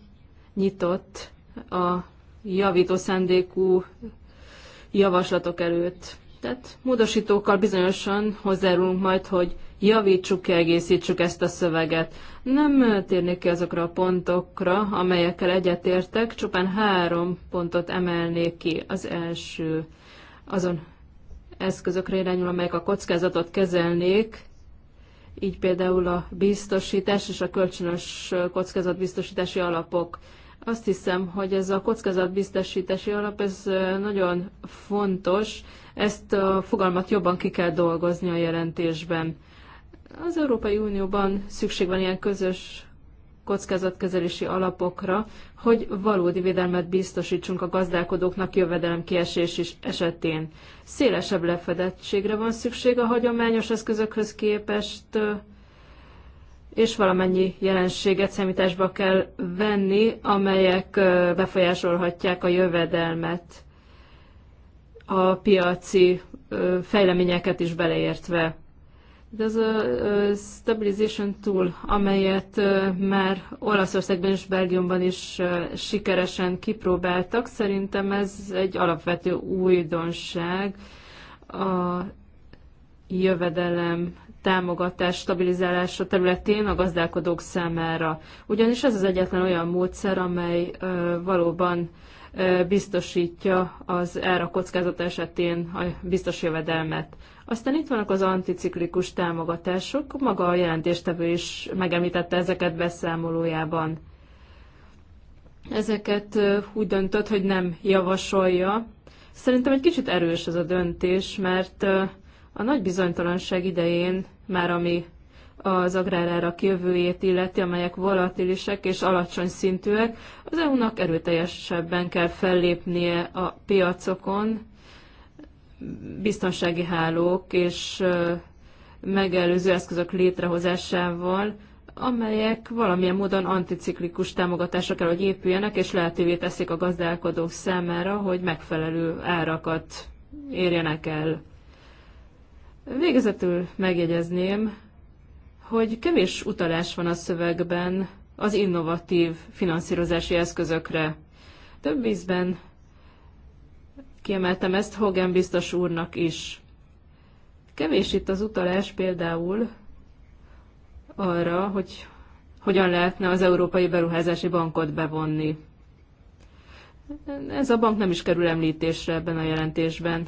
nyitott a javító szendékú javaslatok előtt. Tehát módosítókkal bizonyosan hozzárulunk majd, hogy javítsuk, kiegészítsük ezt a szöveget. Nem térnék ki azokra a pontokra, amelyekkel egyetértek, csupán három pontot emelnék ki. Az első azon eszközökre irányul, amelyek a kockázatot kezelnék, így például a biztosítás és a kölcsönös kockázatbiztosítási alapok. Azt hiszem, hogy ez a kockázatbiztosítási alap, ez nagyon fontos, ezt a fogalmat jobban ki kell dolgozni a jelentésben. Az Európai Unióban szükség van ilyen közös kockázatkezelési alapokra, hogy valódi védelmet biztosítsunk a gazdálkodóknak jövedelem kiesés is esetén. Szélesebb lefedettségre van szükség a hagyományos eszközökhöz képest, és valamennyi jelenséget számításba kell venni, amelyek befolyásolhatják a jövedelmet, a piaci fejleményeket is beleértve. De az a stabilization tool, amelyet már Olaszországban és Belgiumban is sikeresen kipróbáltak, szerintem ez egy alapvető újdonság a jövedelem támogatás stabilizálása területén a gazdálkodók számára. Ugyanis ez az egyetlen olyan módszer, amely valóban biztosítja az ára kockázat esetén a biztos jövedelmet. Aztán itt vannak az anticiklikus támogatások, maga a jelentéstevő is megemlítette ezeket beszámolójában. Ezeket úgy döntött, hogy nem javasolja. Szerintem egy kicsit erős ez a döntés, mert a nagy bizonytalanság idején már ami az agrárárak jövőjét illeti, amelyek volatilisek és alacsony szintűek, az EU-nak erőteljesebben kell fellépnie a piacokon, biztonsági hálók és megelőző eszközök létrehozásával, amelyek valamilyen módon anticiklikus támogatásra kell, hogy épüljenek, és lehetővé teszik a gazdálkodók számára, hogy megfelelő árakat érjenek el. Végezetül megjegyezném, hogy kevés utalás van a szövegben az innovatív finanszírozási eszközökre. Több ízben kiemeltem ezt Hogan biztos úrnak is. Kevés itt az utalás például arra, hogy hogyan lehetne az Európai Beruházási Bankot bevonni. Ez a bank nem is kerül említésre ebben a jelentésben.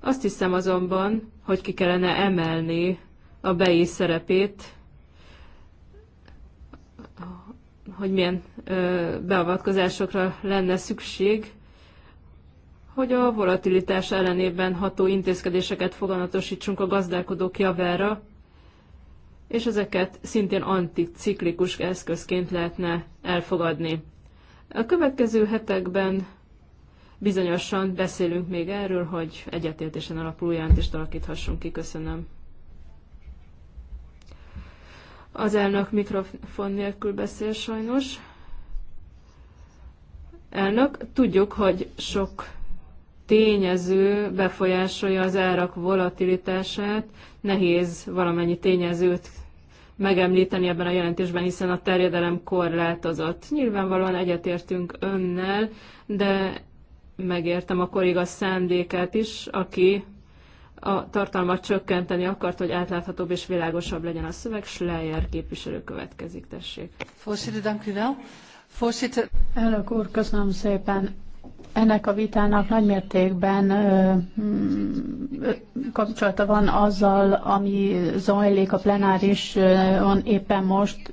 Azt hiszem azonban, hogy ki kellene emelni a BEI szerepét, hogy milyen beavatkozásokra lenne szükség, hogy a volatilitás ellenében ható intézkedéseket foganatosítsunk a gazdálkodók javára, és ezeket szintén anticiklikus eszközként lehetne elfogadni. A következő hetekben bizonyosan beszélünk még erről, hogy egyetértésen alapuló jelentést alakíthassunk ki. Köszönöm. Az elnök mikrofon nélkül beszél sajnos. Elnök, tudjuk, hogy sok tényező befolyásolja az árak volatilitását. Nehéz valamennyi tényezőt megemlíteni ebben a jelentésben, hiszen a terjedelem korlátozott. Nyilvánvalóan egyetértünk önnel, de megértem a kolléga szándékát is, aki a tartalmat csökkenteni akart, hogy átláthatóbb és világosabb legyen a szöveg. Schleyer képviselő következik, tessék. Voorzitter, dank u Elnök úr, köszönöm szépen. Ennek a vitának nagymértékben mm, kapcsolata van azzal, ami zajlik a plenárison éppen most.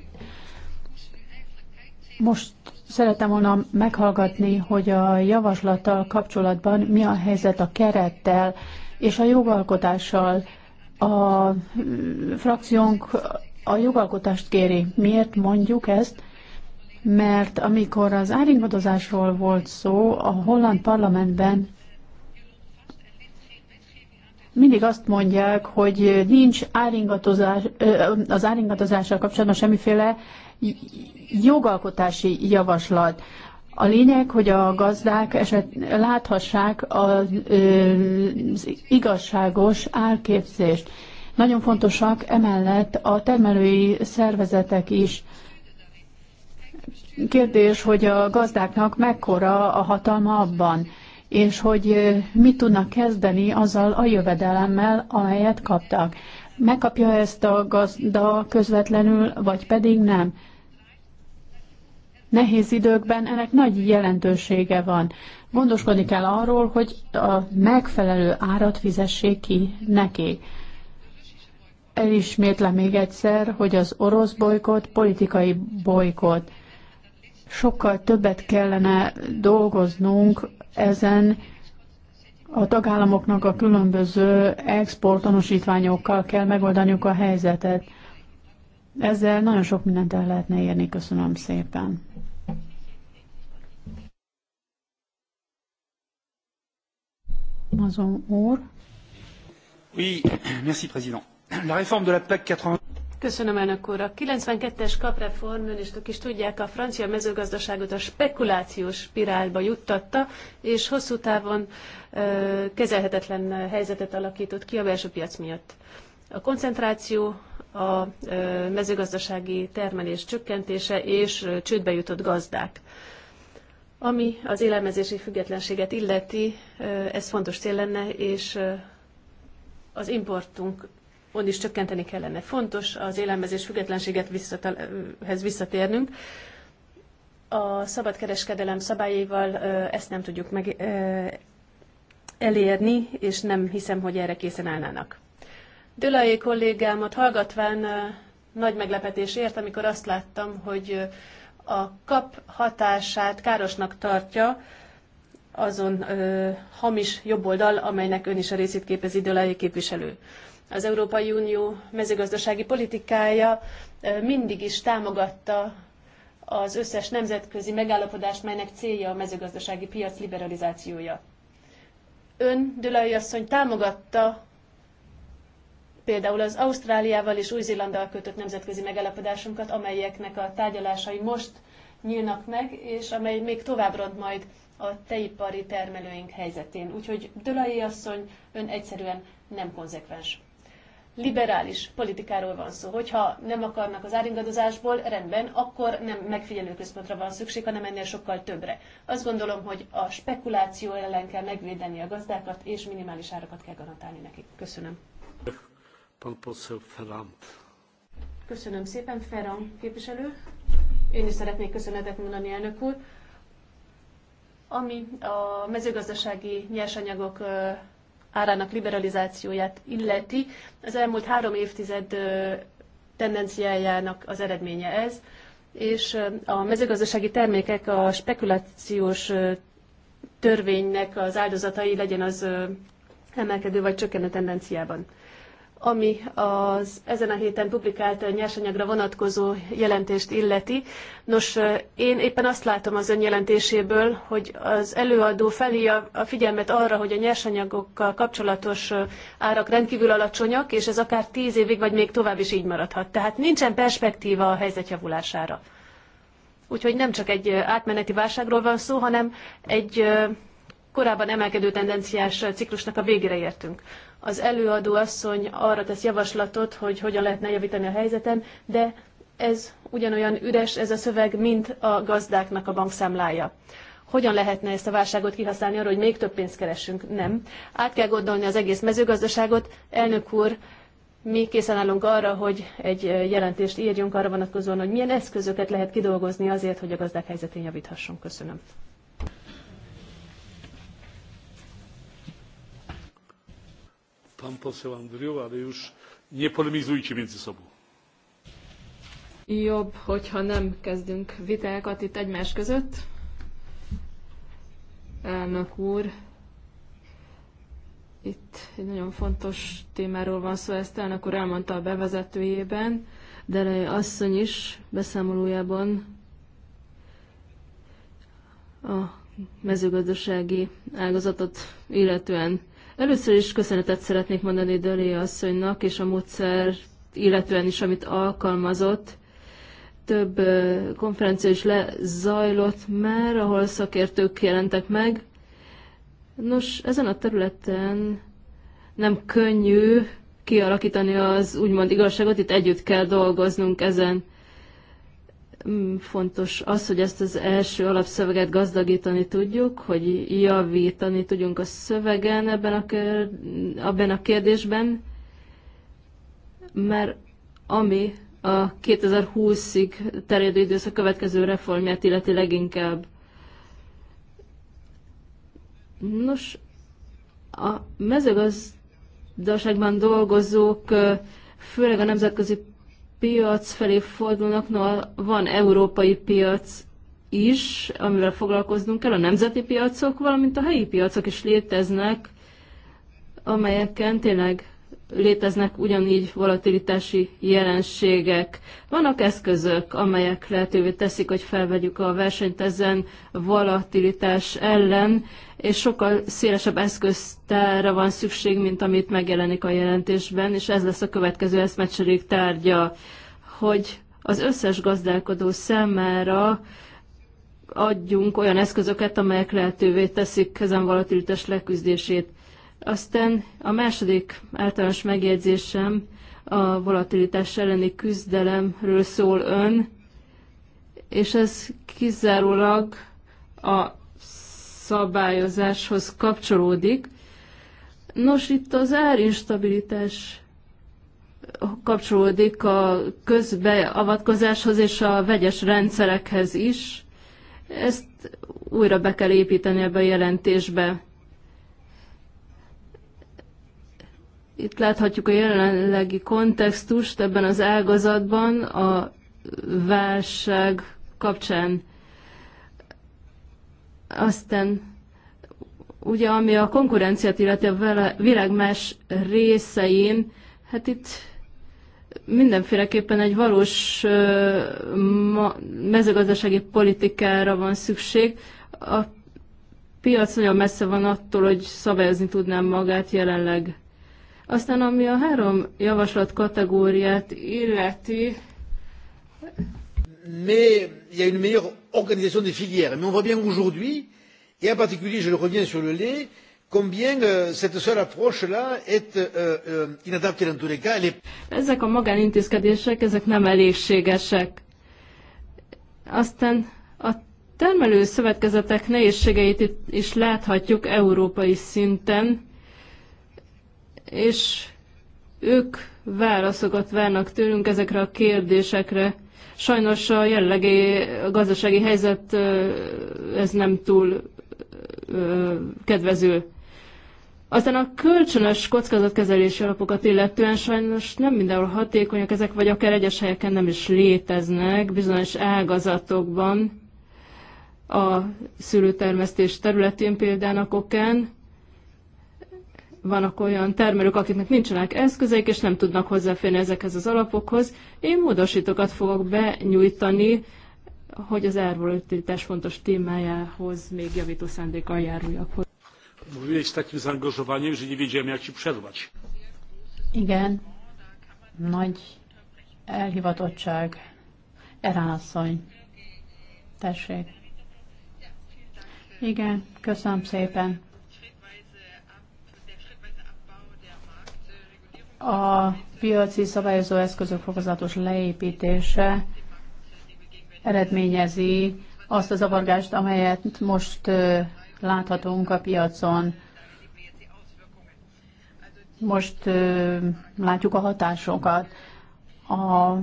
Most Szerettem volna meghallgatni, hogy a javaslattal kapcsolatban mi a helyzet a kerettel és a jogalkotással. A mm, frakciónk a jogalkotást kéri. Miért mondjuk ezt? Mert amikor az áringadozásról volt szó, a holland parlamentben mindig azt mondják, hogy nincs áringatozás, az áringatozással kapcsolatban semmiféle jogalkotási javaslat. A lényeg, hogy a gazdák eset láthassák az igazságos árképzést. Nagyon fontosak emellett a termelői szervezetek is. Kérdés, hogy a gazdáknak mekkora a hatalma abban, és hogy mit tudnak kezdeni azzal a jövedelemmel, amelyet kaptak. Megkapja ezt a gazda közvetlenül, vagy pedig nem nehéz időkben ennek nagy jelentősége van. Gondoskodni kell arról, hogy a megfelelő árat fizessék ki neki. Elismétlem még egyszer, hogy az orosz bolykot politikai bolykot. Sokkal többet kellene dolgoznunk ezen, a tagállamoknak a különböző exportonosítványokkal kell megoldaniuk a helyzetet. Ezzel nagyon sok mindent el lehetne érni. Köszönöm szépen. Azon úr. Oui, merci, président. La réforme de la PAC 80... Köszönöm, elnök úr. A 92-es kapreform, ön is, is tudják, a francia mezőgazdaságot a spekulációs spirálba juttatta, és hosszú távon ö, kezelhetetlen helyzetet alakított ki a belső piac miatt. A koncentráció, a mezőgazdasági termelés csökkentése és csődbe jutott gazdák. Ami az élelmezési függetlenséget illeti, ez fontos cél lenne, és az importunk on is csökkenteni kellene. Fontos az élelmezés függetlenséget visszatal- visszatérnünk. A szabadkereskedelem szabályaival ezt nem tudjuk meg elérni, és nem hiszem, hogy erre készen állnának. Dölajé kollégámat hallgatván nagy meglepetés ért, amikor azt láttam, hogy a kap hatását károsnak tartja azon ö, hamis jobboldal, amelynek ön is a részét képezi Dölai képviselő. Az Európai Unió mezőgazdasági politikája ö, mindig is támogatta az összes nemzetközi megállapodást, melynek célja a mezőgazdasági piac liberalizációja. Ön, Dölai asszony, támogatta például az Ausztráliával és Új-Zélanddal kötött nemzetközi megállapodásunkat, amelyeknek a tárgyalásai most nyílnak meg, és amely még tovább rod majd a teipari termelőink helyzetén. Úgyhogy Dölai asszony, ön egyszerűen nem konzekvens. Liberális politikáról van szó. Hogyha nem akarnak az áringadozásból, rendben, akkor nem központra van szükség, hanem ennél sokkal többre. Azt gondolom, hogy a spekuláció ellen kell megvédeni a gazdákat, és minimális árakat kell garantálni nekik. Köszönöm. Pan poseł Ferrand. Köszönöm szépen, Ferran képviselő. Én is szeretnék köszönetet mondani, elnök úr. Ami a mezőgazdasági nyersanyagok árának liberalizációját illeti, az elmúlt három évtized tendenciájának az eredménye ez, és a mezőgazdasági termékek a spekulációs törvénynek az áldozatai legyen az emelkedő vagy csökkenő tendenciában ami az ezen a héten publikált nyersanyagra vonatkozó jelentést illeti. Nos, én éppen azt látom az jelentéséből, hogy az előadó felé a figyelmet arra, hogy a nyersanyagokkal kapcsolatos árak rendkívül alacsonyak, és ez akár tíz évig, vagy még tovább is így maradhat. Tehát nincsen perspektíva a helyzet javulására. Úgyhogy nem csak egy átmeneti válságról van szó, hanem egy korábban emelkedő tendenciás ciklusnak a végére értünk. Az előadó asszony arra tesz javaslatot, hogy hogyan lehetne javítani a helyzeten, de ez ugyanolyan üres ez a szöveg, mint a gazdáknak a bankszámlája. Hogyan lehetne ezt a válságot kihasználni arra, hogy még több pénzt keressünk? Nem. Át kell gondolni az egész mezőgazdaságot. Elnök úr, mi készen állunk arra, hogy egy jelentést írjunk arra vonatkozóan, hogy milyen eszközöket lehet kidolgozni azért, hogy a gazdák helyzetén javíthassunk. Köszönöm. pan poseł ale już nie polemizujcie między sobą. Jobb, hogyha nem kezdünk vitákat itt egymás között. Elnök úr, itt egy nagyon fontos témáról van szó, ezt elnök úr elmondta a bevezetőjében, de asszony is beszámolójában a mezőgazdasági ágazatot illetően Először is köszönetet szeretnék mondani Dölé asszonynak és a módszer illetően is, amit alkalmazott. Több konferencia is lezajlott már, ahol szakértők jelentek meg. Nos, ezen a területen nem könnyű kialakítani az úgymond igazságot, itt együtt kell dolgoznunk ezen. Mm, fontos az, hogy ezt az első alapszöveget gazdagítani tudjuk, hogy javítani tudjunk a szövegen ebben a, kér, abban a kérdésben, mert ami a 2020-ig terjedő időszak következő reformját illeti leginkább. Nos, a mezőgazdaságban dolgozók, főleg a nemzetközi piac felé fordulnak, no, van európai piac is, amivel foglalkoznunk kell, a nemzeti piacok, valamint a helyi piacok is léteznek, amelyeken tényleg léteznek ugyanígy volatilitási jelenségek. Vannak eszközök, amelyek lehetővé teszik, hogy felvegyük a versenyt ezen volatilitás ellen, és sokkal szélesebb eszköztára van szükség, mint amit megjelenik a jelentésben, és ez lesz a következő eszmecserék tárgya, hogy az összes gazdálkodó számára adjunk olyan eszközöket, amelyek lehetővé teszik ezen volatilitás leküzdését. Aztán a második általános megjegyzésem a volatilitás elleni küzdelemről szól ön, és ez kizárólag a szabályozáshoz kapcsolódik. Nos, itt az árinstabilitás kapcsolódik a közbeavatkozáshoz és a vegyes rendszerekhez is. Ezt újra be kell építeni ebbe a jelentésbe. Itt láthatjuk a jelenlegi kontextust ebben az ágazatban a válság kapcsán. Aztán ugye ami a konkurenciát illeti a világ más részein, hát itt mindenféleképpen egy valós mezőgazdasági politikára van szükség. A piac nagyon messze van attól, hogy szabályozni tudnám magát jelenleg. Aztán ami a három javaslat kategóriát illeti, mais il y a une meilleure organisation des filières. Mais on voit bien aujourd'hui, et en particulier, je reviens sur le lait, combien euh, cette seule approche-là est euh, euh, inadaptée dans tous les cas. Elle est... Ezek a magánintézkedések, ezek nem elégségesek. Aztán a termelő szövetkezetek nehézségeit is láthatjuk európai szinten és ők válaszokat várnak tőlünk ezekre a kérdésekre. Sajnos a a gazdasági helyzet ez nem túl kedvező. Aztán a kölcsönös kockázatkezelési alapokat illetően sajnos nem mindenhol hatékonyak ezek, vagy akár egyes helyeken nem is léteznek bizonyos ágazatokban a szülőtermesztés területén például okán vannak olyan termelők, akiknek nincsenek eszközeik, és nem tudnak hozzáférni ezekhez az alapokhoz. Én módosítókat fogok benyújtani, hogy az árvolatilitás fontos témájához még javító szándékkal járuljak. Mówiłeś z takim zaangażowaniem, że nie wiedziałem, jak ci przerwać. Igen, nagy elhivatottság. Eránasszony. tessék. Igen, köszönöm szépen. a piaci szabályozó eszközök fokozatos leépítése eredményezi azt a zavargást, amelyet most láthatunk a piacon. Most látjuk a hatásokat a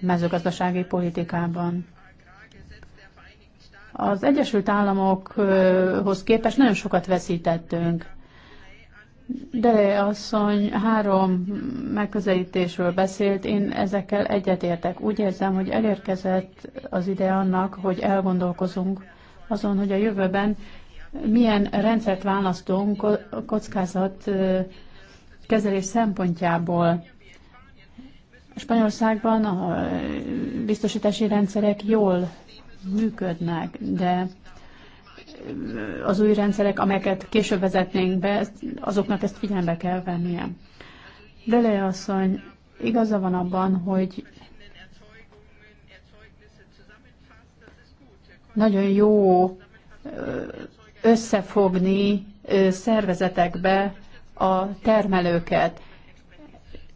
mezőgazdasági politikában. Az Egyesült Államokhoz képest nagyon sokat veszítettünk de asszony három megközelítésről beszélt, én ezekkel egyetértek. Úgy érzem, hogy elérkezett az ide annak, hogy elgondolkozunk azon, hogy a jövőben milyen rendszert választunk kockázat kezelés szempontjából. Spanyolországban a biztosítási rendszerek jól működnek, de az új rendszerek, amelyeket később vezetnénk be, azoknak ezt figyelembe kell vennie. Dele asszony, igaza van abban, hogy nagyon jó összefogni szervezetekbe a termelőket,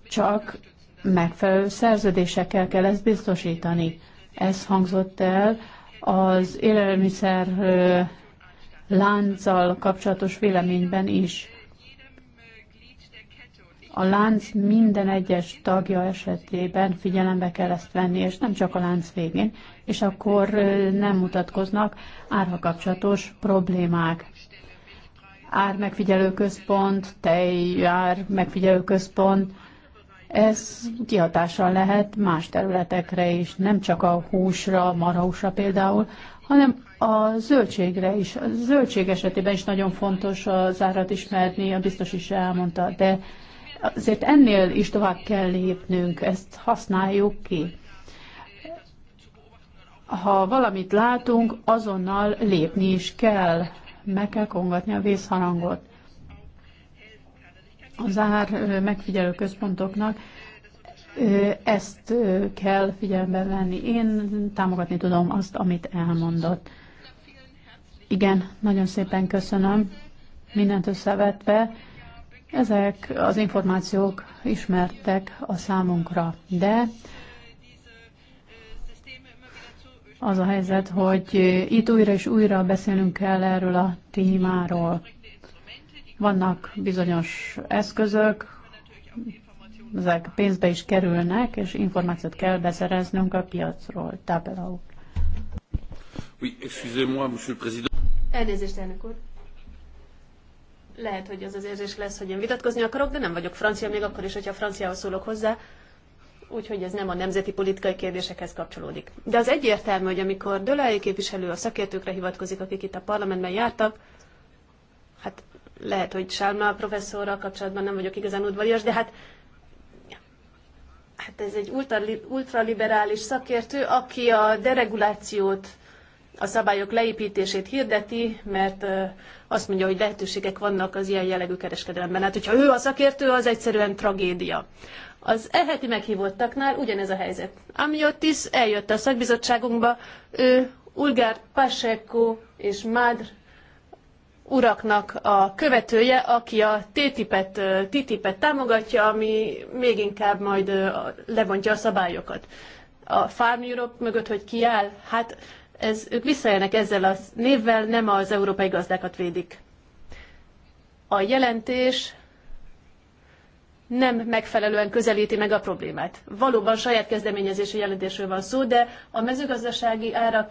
csak megfelelő szerződésekkel kell ezt biztosítani. Ez hangzott el az élelmiszer lánccal kapcsolatos véleményben is. A lánc minden egyes tagja esetében figyelembe kell ezt venni, és nem csak a lánc végén, és akkor nem mutatkoznak árha kapcsolatos problémák. Ár megfigyelő központ, tej ár megfigyelő központ, ez kihatással lehet más területekre is, nem csak a húsra, marhúsra például, hanem a zöldségre is. A zöldség esetében is nagyon fontos az árat ismerni, a biztos is elmondta, de azért ennél is tovább kell lépnünk, ezt használjuk ki. Ha valamit látunk, azonnal lépni is kell, meg kell kongatni a vészharangot. Az ár megfigyelő központoknak ezt kell figyelembe venni. Én támogatni tudom azt, amit elmondott. Igen, nagyon szépen köszönöm. Mindent összevetve, ezek az információk ismertek a számunkra, de az a helyzet, hogy itt újra és újra beszélnünk kell erről a témáról. Vannak bizonyos eszközök, ezek pénzbe is kerülnek, és információt kell beszereznünk a piacról. Tábela Oui, excusez-moi, monsieur le président. Elnézést, elnök úr. Lehet, hogy az az érzés lesz, hogy én vitatkozni akarok, de nem vagyok francia, még akkor is, hogyha franciához szólok hozzá. Úgyhogy ez nem a nemzeti politikai kérdésekhez kapcsolódik. De az egyértelmű, hogy amikor Dölei képviselő a szakértőkre hivatkozik, akik itt a parlamentben jártak, hát lehet, hogy Sálma professzorral kapcsolatban nem vagyok igazán udvarias, de hát hát ez egy ultraliberális szakértő, aki a deregulációt a szabályok leépítését hirdeti, mert azt mondja, hogy lehetőségek vannak az ilyen jellegű kereskedelemben. Hát, hogyha ő a szakértő, az egyszerűen tragédia. Az eheti meghívottaknál ugyanez a helyzet. Amiotis eljött a szakbizottságunkba, ő Ulgár Pasekó és Mádr uraknak a követője, aki a TTIP-et, TTIP-et támogatja, ami még inkább majd levontja a szabályokat. A Farm Europe mögött, hogy ki áll, hát ez, ők visszaélnek ezzel a névvel, nem az európai gazdákat védik. A jelentés nem megfelelően közelíti meg a problémát. Valóban saját kezdeményezési jelentésről van szó, de a mezőgazdasági árak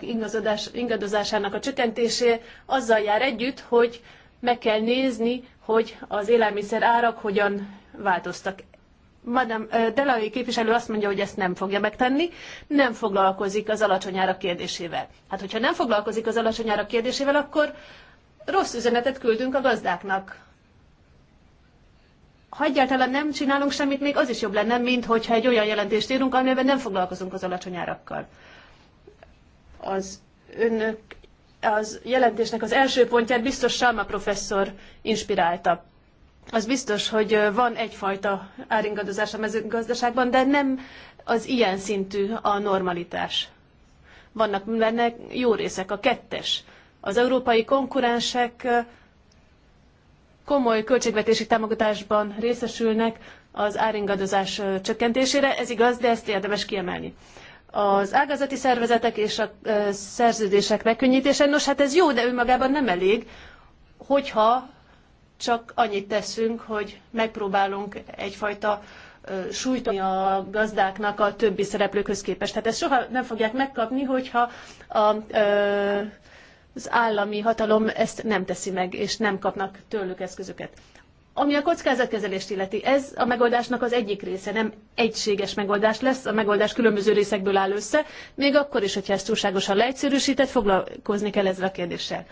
ingadozásának a csökkentésé azzal jár együtt, hogy meg kell nézni, hogy az élelmiszer árak hogyan változtak. Madame Delay képviselő azt mondja, hogy ezt nem fogja megtenni, nem foglalkozik az alacsony árak kérdésével. Hát, hogyha nem foglalkozik az alacsony árak kérdésével, akkor rossz üzenetet küldünk a gazdáknak. Ha egyáltalán nem csinálunk semmit, még az is jobb lenne, mint hogyha egy olyan jelentést írunk, amiben nem foglalkozunk az alacsony árakkal. Az önök az jelentésnek az első pontját biztos Salma professzor inspirálta az biztos, hogy van egyfajta áringadozás a mezőgazdaságban, de nem az ilyen szintű a normalitás. Vannak benne jó részek, a kettes. Az európai konkurensek komoly költségvetési támogatásban részesülnek az áringadozás csökkentésére. Ez igaz, de ezt érdemes kiemelni. Az ágazati szervezetek és a szerződések megkönnyítése, nos hát ez jó, de önmagában nem elég, hogyha csak annyit teszünk, hogy megpróbálunk egyfajta sújtani a gazdáknak a többi szereplőkhöz képest. Tehát ezt soha nem fogják megkapni, hogyha a, ö, az állami hatalom ezt nem teszi meg, és nem kapnak tőlük eszközöket. Ami a kockázatkezelést illeti, ez a megoldásnak az egyik része, nem egységes megoldás lesz, a megoldás különböző részekből áll össze, még akkor is, hogyha ezt túlságosan leegyszerűsített, foglalkozni kell ezzel a kérdéssel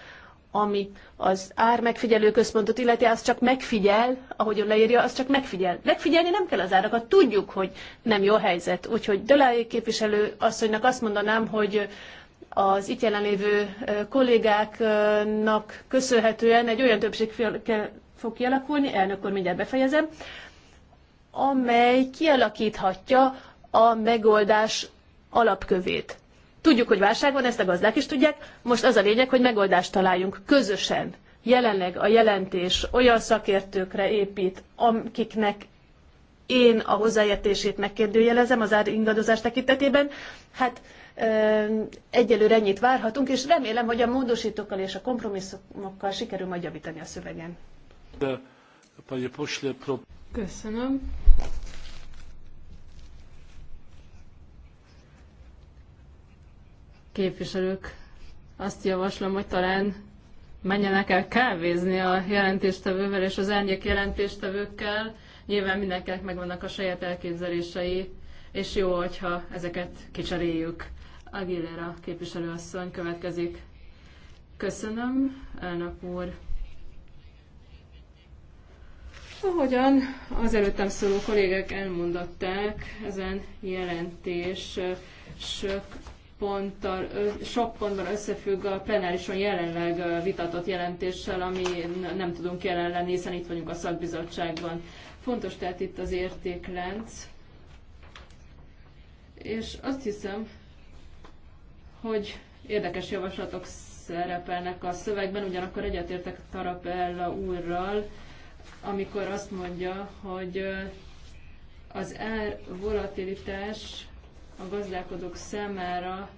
ami az ár megfigyelő központot illeti, az csak megfigyel, ahogyan leírja, az csak megfigyel. Megfigyelni nem kell az árakat, tudjuk, hogy nem jó helyzet. Úgyhogy Dölájék képviselő asszonynak azt mondanám, hogy az itt jelenlévő kollégáknak köszönhetően egy olyan többség fog kialakulni, elnök mindjárt befejezem, amely kialakíthatja a megoldás alapkövét. Tudjuk, hogy válság van, ezt a gazdák is tudják. Most az a lényeg, hogy megoldást találjunk közösen. Jelenleg a jelentés olyan szakértőkre épít, akiknek én a hozzáértését megkérdőjelezem az ár ingadozás tekintetében. Hát egyelőre ennyit várhatunk, és remélem, hogy a módosítókkal és a kompromisszumokkal sikerül majd javítani a szövegen. Köszönöm. képviselők, azt javaslom, hogy talán menjenek el kávézni a jelentéstevővel és az árnyék jelentéstevőkkel. Nyilván mindenkinek megvannak a saját elképzelései, és jó, hogyha ezeket kicseréljük. Aguilera képviselőasszony következik. Köszönöm, elnök úr. Ahogyan az előttem szóló kollégek elmondották, ezen jelentés sok ponttal, sok pontban összefügg a plenárison jelenleg vitatott jelentéssel, ami nem tudunk jelen lenni, hiszen itt vagyunk a szakbizottságban. Fontos tehát itt az értéklenc. És azt hiszem, hogy érdekes javaslatok szerepelnek a szövegben, ugyanakkor egyetértek Tarapella úrral, amikor azt mondja, hogy az ár volatilitás a gazdálkodók számára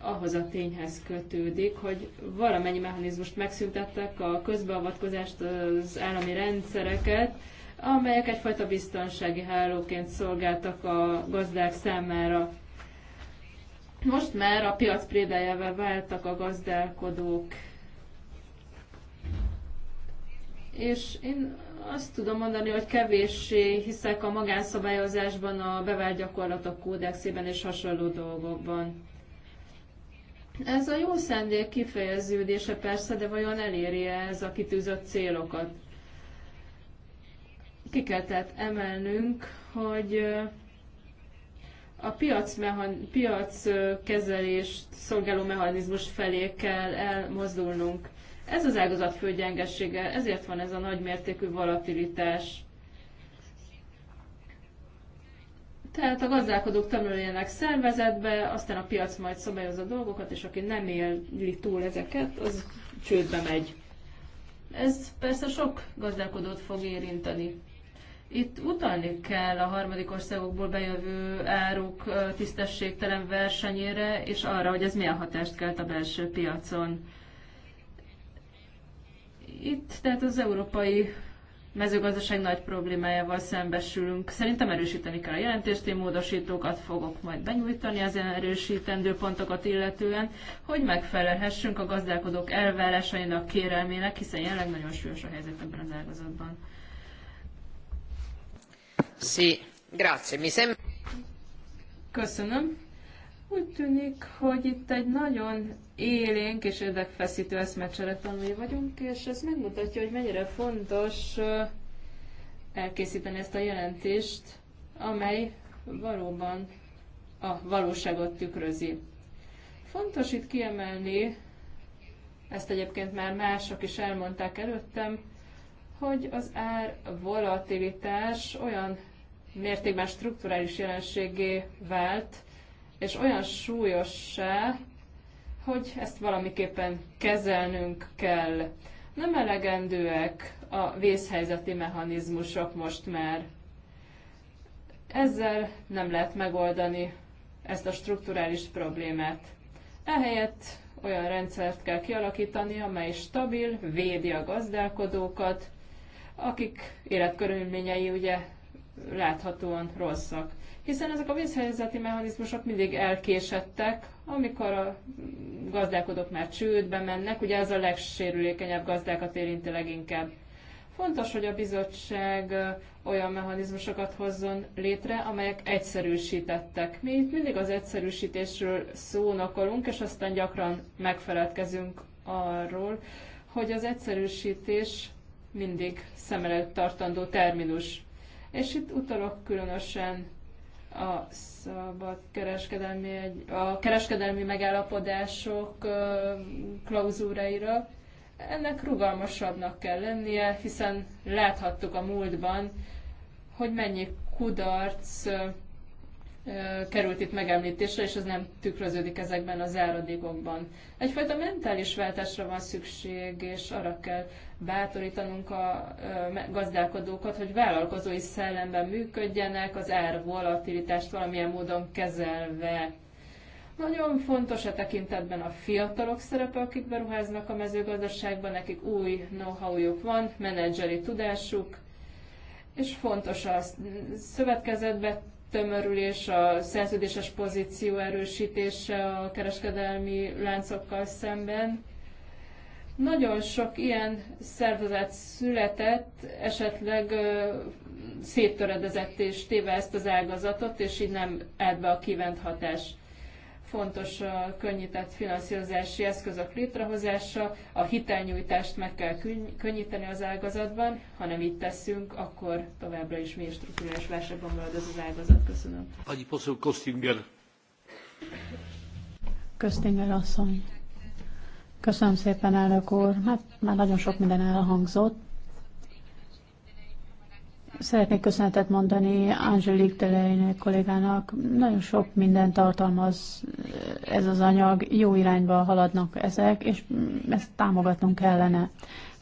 ahhoz a tényhez kötődik, hogy valamennyi mechanizmust megszüntettek, a közbeavatkozást, az állami rendszereket, amelyek egyfajta biztonsági hálóként szolgáltak a gazdák számára. Most már a piac prédájával váltak a gazdálkodók. És én azt tudom mondani, hogy kevéssé hiszek a magánszabályozásban, a bevált gyakorlatok kódexében és hasonló dolgokban. Ez a jó szándék kifejeződése persze, de vajon eléri -e ez a kitűzött célokat? Ki kell tehát emelnünk, hogy a piac, piac szolgáló mechanizmus felé kell elmozdulnunk. Ez az ágazat fő gyengessége, ezért van ez a nagymértékű volatilitás. Tehát a gazdálkodók tanuljanak szervezetbe, aztán a piac majd szabályozza a dolgokat, és aki nem éli túl ezeket, az csődbe megy. Ez persze sok gazdálkodót fog érinteni. Itt utalni kell a harmadik országokból bejövő áruk tisztességtelen versenyére, és arra, hogy ez milyen hatást kelt a belső piacon. Itt tehát az európai mezőgazdaság nagy problémájával szembesülünk. Szerintem erősíteni kell a jelentést, én módosítókat fogok majd benyújtani az erősítendő pontokat illetően, hogy megfelelhessünk a gazdálkodók elvárásainak, kérelmének, hiszen jelenleg nagyon súlyos a helyzet ebben az ágazatban. Sí, grazie. Mi sem... Köszönöm. Úgy tűnik, hogy itt egy nagyon élénk és érdekfeszítő eszmecsere tanulja vagyunk, és ez megmutatja, hogy mennyire fontos elkészíteni ezt a jelentést, amely valóban a valóságot tükrözi. Fontos itt kiemelni, ezt egyébként már mások is elmondták előttem, hogy az ár volatilitás olyan mértékben strukturális jelenségé vált, és olyan súlyossá, hogy ezt valamiképpen kezelnünk kell. Nem elegendőek a vészhelyzeti mechanizmusok most már. Ezzel nem lehet megoldani ezt a strukturális problémát. Ehelyett olyan rendszert kell kialakítani, amely stabil, védi a gazdálkodókat, akik életkörülményei ugye láthatóan rosszak hiszen ezek a vészhelyzeti mechanizmusok mindig elkésettek, amikor a gazdálkodók már csődbe mennek, ugye ez a legsérülékenyebb gazdákat érinti leginkább. Fontos, hogy a bizottság olyan mechanizmusokat hozzon létre, amelyek egyszerűsítettek. Mi itt mindig az egyszerűsítésről szónakolunk, és aztán gyakran megfeledkezünk arról, hogy az egyszerűsítés mindig szem előtt tartandó terminus. És itt utalok különösen a szabad kereskedelmi, a kereskedelmi megállapodások klauzúráira. Ennek rugalmasabbnak kell lennie, hiszen láthattuk a múltban, hogy mennyi kudarc került itt megemlítésre, és ez nem tükröződik ezekben az áradékokban. Egyfajta mentális váltásra van szükség, és arra kell bátorítanunk a gazdálkodókat, hogy vállalkozói szellemben működjenek, az ár volatilitást valamilyen módon kezelve. Nagyon fontos a e tekintetben a fiatalok szerepe, akik beruháznak a mezőgazdaságban, nekik új know-howjuk van, menedzseri tudásuk, és fontos a szövetkezetbe tömörülés, a szerződéses pozíció erősítése a kereskedelmi láncokkal szemben. Nagyon sok ilyen szervezet született, esetleg széttöredezett és téve ezt az ágazatot, és így nem állt be a kívánt hatás fontos a könnyített finanszírozási eszközök létrehozása, a hitelnyújtást meg kell könnyíteni az ágazatban, ha nem így teszünk, akkor továbbra is mi struktúrális válságban marad az az ágazat. Köszönöm. Hagyi poszol Kostinger. Kostinger asszony. Köszönöm szépen, elnök úr. Hát már nagyon sok minden elhangzott. Szeretnék köszönetet mondani Angelique Delejné kollégának. Nagyon sok minden tartalmaz eh, ez az anyag, jó irányba haladnak ezek, és mm, ezt támogatnunk kellene.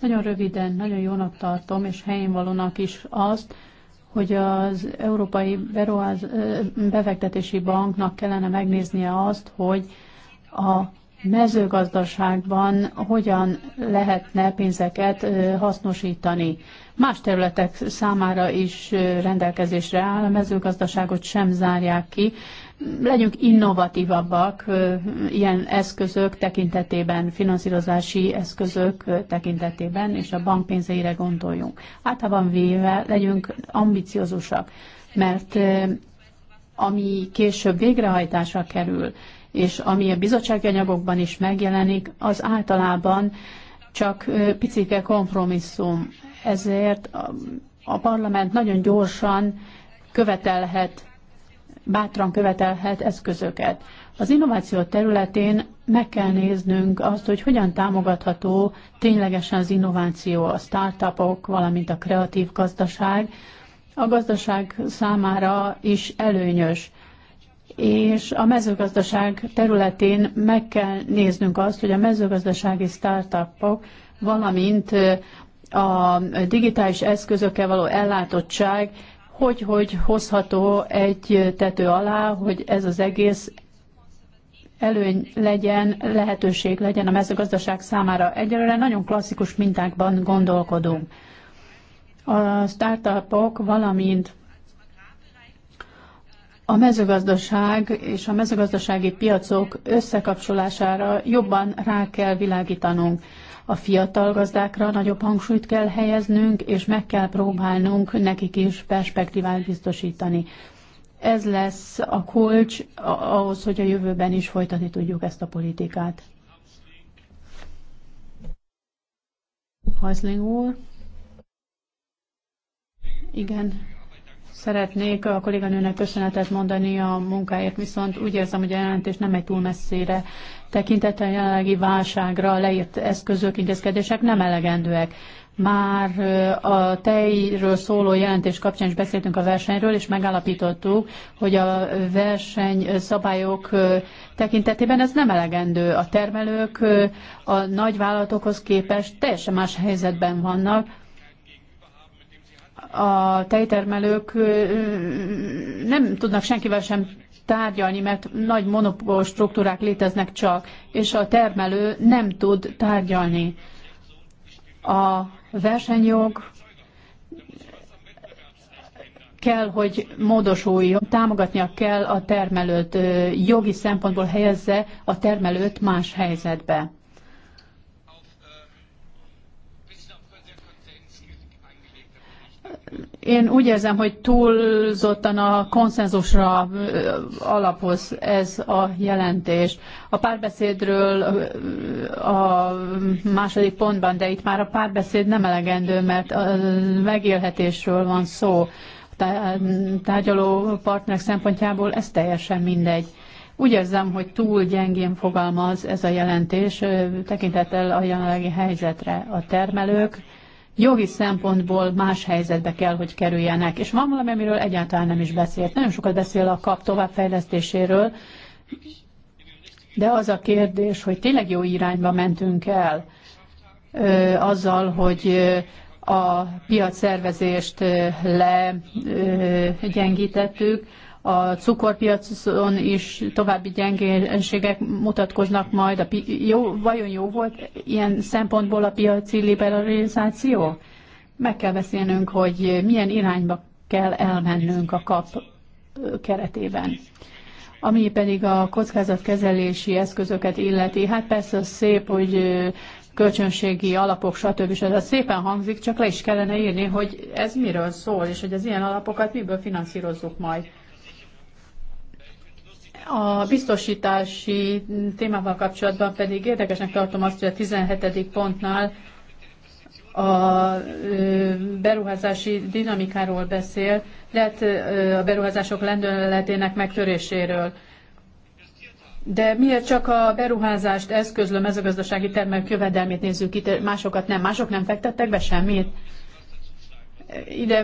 Nagyon röviden, nagyon jónak tartom, és helyén valónak is azt, hogy az Európai Beruház, eh, Befektetési Banknak kellene megnéznie azt, hogy a mezőgazdaságban hogyan lehetne pénzeket hasznosítani. Más területek számára is rendelkezésre áll, a mezőgazdaságot sem zárják ki. Legyünk innovatívabbak ilyen eszközök tekintetében, finanszírozási eszközök tekintetében, és a bank pénzeire gondoljunk. Általában véve legyünk ambiciózusak, mert ami később végrehajtásra kerül, és ami a bizottsági anyagokban is megjelenik, az általában csak picike kompromisszum. Ezért a parlament nagyon gyorsan követelhet, bátran követelhet eszközöket. Az innováció területén meg kell néznünk azt, hogy hogyan támogatható ténylegesen az innováció, a startupok, valamint a kreatív gazdaság, a gazdaság számára is előnyös és a mezőgazdaság területén meg kell néznünk azt, hogy a mezőgazdasági startupok, valamint a digitális eszközökkel való ellátottság hogy, hogy hozható egy tető alá, hogy ez az egész előny legyen, lehetőség legyen a mezőgazdaság számára. Egyelőre nagyon klasszikus mintákban gondolkodunk. A startupok, valamint a mezőgazdaság és a mezőgazdasági piacok összekapcsolására jobban rá kell világítanunk. A fiatal gazdákra nagyobb hangsúlyt kell helyeznünk, és meg kell próbálnunk nekik is perspektívát biztosítani. Ez lesz a kulcs ahhoz, hogy a jövőben is folytatni tudjuk ezt a politikát. Hajszling úr. Igen, Szeretnék a kolléganőnek köszönetet mondani a munkáért, viszont úgy érzem, hogy a jelentés nem egy túl messzire tekintett a jelenlegi válságra leírt eszközök, intézkedések nem elegendőek. Már a tejről szóló jelentés kapcsán is beszéltünk a versenyről, és megállapítottuk, hogy a verseny szabályok tekintetében ez nem elegendő. A termelők a nagyvállalatokhoz képest teljesen más helyzetben vannak, a tejtermelők nem tudnak senkivel sem tárgyalni, mert nagy monopól struktúrák léteznek csak, és a termelő nem tud tárgyalni. A versenyjog kell, hogy módosuljon, támogatnia kell a termelőt, jogi szempontból helyezze a termelőt más helyzetbe. én úgy érzem, hogy túlzottan a konszenzusra alapoz ez a jelentés. A párbeszédről a második pontban, de itt már a párbeszéd nem elegendő, mert a megélhetésről van szó. A tárgyaló partnerek szempontjából ez teljesen mindegy. Úgy érzem, hogy túl gyengén fogalmaz ez a jelentés, tekintettel a jelenlegi helyzetre a termelők, jogi szempontból más helyzetbe kell, hogy kerüljenek. És van valami, amiről egyáltalán nem is beszélt. Nagyon sokat beszél a kap továbbfejlesztéséről, de az a kérdés, hogy tényleg jó irányba mentünk el ö, azzal, hogy a piac szervezést legyengítettük, a cukorpiacon is további gyengéségek mutatkoznak majd. A jó, vajon jó volt ilyen szempontból a piaci liberalizáció? Meg kell beszélnünk, hogy milyen irányba kell elmennünk a kap keretében. Ami pedig a kockázatkezelési eszközöket illeti, hát persze az szép, hogy kölcsönségi alapok, stb. És ez szépen hangzik, csak le is kellene írni, hogy ez miről szól, és hogy az ilyen alapokat miből finanszírozzuk majd. A biztosítási témával kapcsolatban pedig érdekesnek tartom azt, hogy a 17. pontnál a beruházási dinamikáról beszél, lehet a beruházások lendületének megtöréséről. De miért csak a beruházást ez a mezőgazdasági termelők jövedelmét nézzük itt, másokat nem? Mások nem fektettek be semmit? ide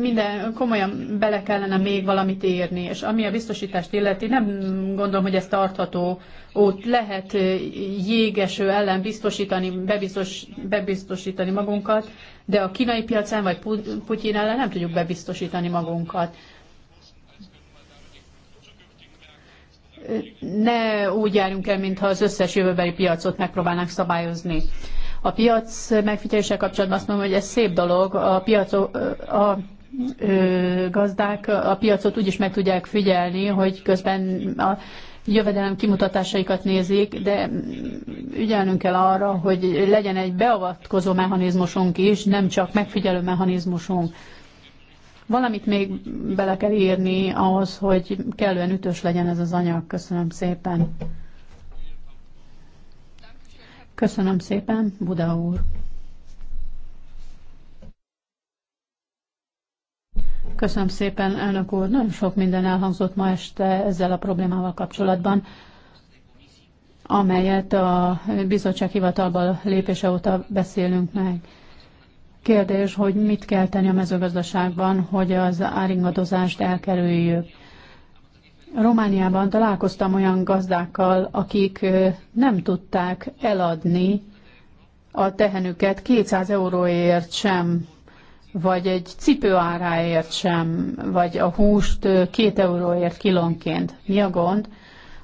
minden komolyan bele kellene még valamit érni és ami a biztosítást illeti, nem gondolom, hogy ez tartható ott lehet jégeső ellen biztosítani, bebiztos, bebiztosítani magunkat, de a kínai piacán vagy Putyin ellen nem tudjuk bebiztosítani magunkat. Ne úgy járjunk el, mintha az összes jövőbeli piacot megpróbálnánk szabályozni. A piac megfigyelése kapcsolatban azt mondom, hogy ez szép dolog, a, piaco, a gazdák a piacot úgy is meg tudják figyelni, hogy közben a jövedelem kimutatásaikat nézik, de ügyelnünk kell arra, hogy legyen egy beavatkozó mechanizmusunk is, nem csak megfigyelő mechanizmusunk. Valamit még bele kell írni ahhoz, hogy kellően ütős legyen ez az anyag. Köszönöm szépen. Köszönöm szépen, Buda úr. Köszönöm szépen, elnök úr. Nagyon sok minden elhangzott ma este ezzel a problémával kapcsolatban, amelyet a bizottság hivatalban lépése óta beszélünk meg. Kérdés, hogy mit kell tenni a mezőgazdaságban, hogy az áringadozást elkerüljük. Romániában találkoztam olyan gazdákkal, akik nem tudták eladni a tehenüket 200 euróért sem, vagy egy cipő áráért sem, vagy a húst 2 euróért kilonként. Mi a gond?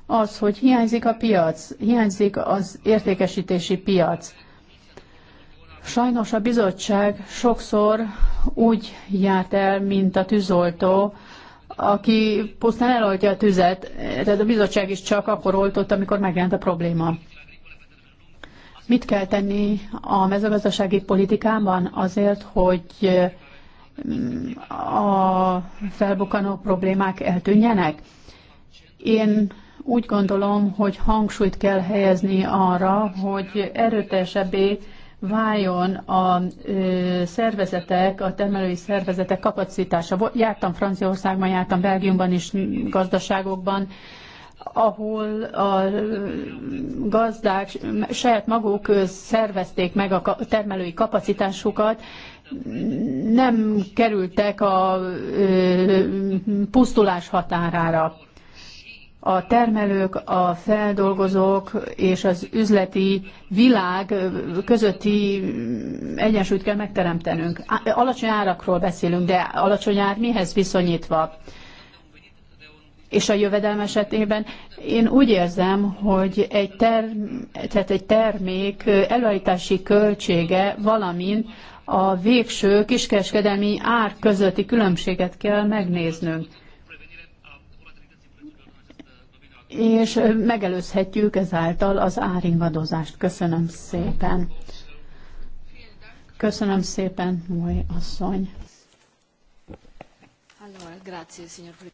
Az, hogy hiányzik a piac, hiányzik az értékesítési piac. Sajnos a bizottság sokszor úgy járt el, mint a tűzoltó, aki pusztán eloltja a tüzet, tehát a bizottság is csak akkor oltott, amikor megjelent a probléma. Mit kell tenni a mezőgazdasági politikában azért, hogy mm, a felbukkanó problémák eltűnjenek? Én úgy gondolom, hogy hangsúlyt kell helyezni arra, hogy erőteljesebbé váljon a ö, szervezetek, a termelői szervezetek kapacitása. Jártam Franciaországban, jártam Belgiumban is, gazdaságokban, ahol a gazdák saját maguk szervezték meg a termelői kapacitásukat, nem kerültek a pusztulás határára a termelők, a feldolgozók és az üzleti világ közötti egyensúlyt kell megteremtenünk. Alacsony árakról beszélünk, de alacsony ár mihez viszonyítva? És a jövedelm esetében én úgy érzem, hogy egy, ter, tehát egy termék előállítási költsége, valamint a végső kiskereskedelmi ár közötti különbséget kell megnéznünk és megelőzhetjük ezáltal az áringadozást. Köszönöm szépen. Köszönöm szépen, Mói asszony.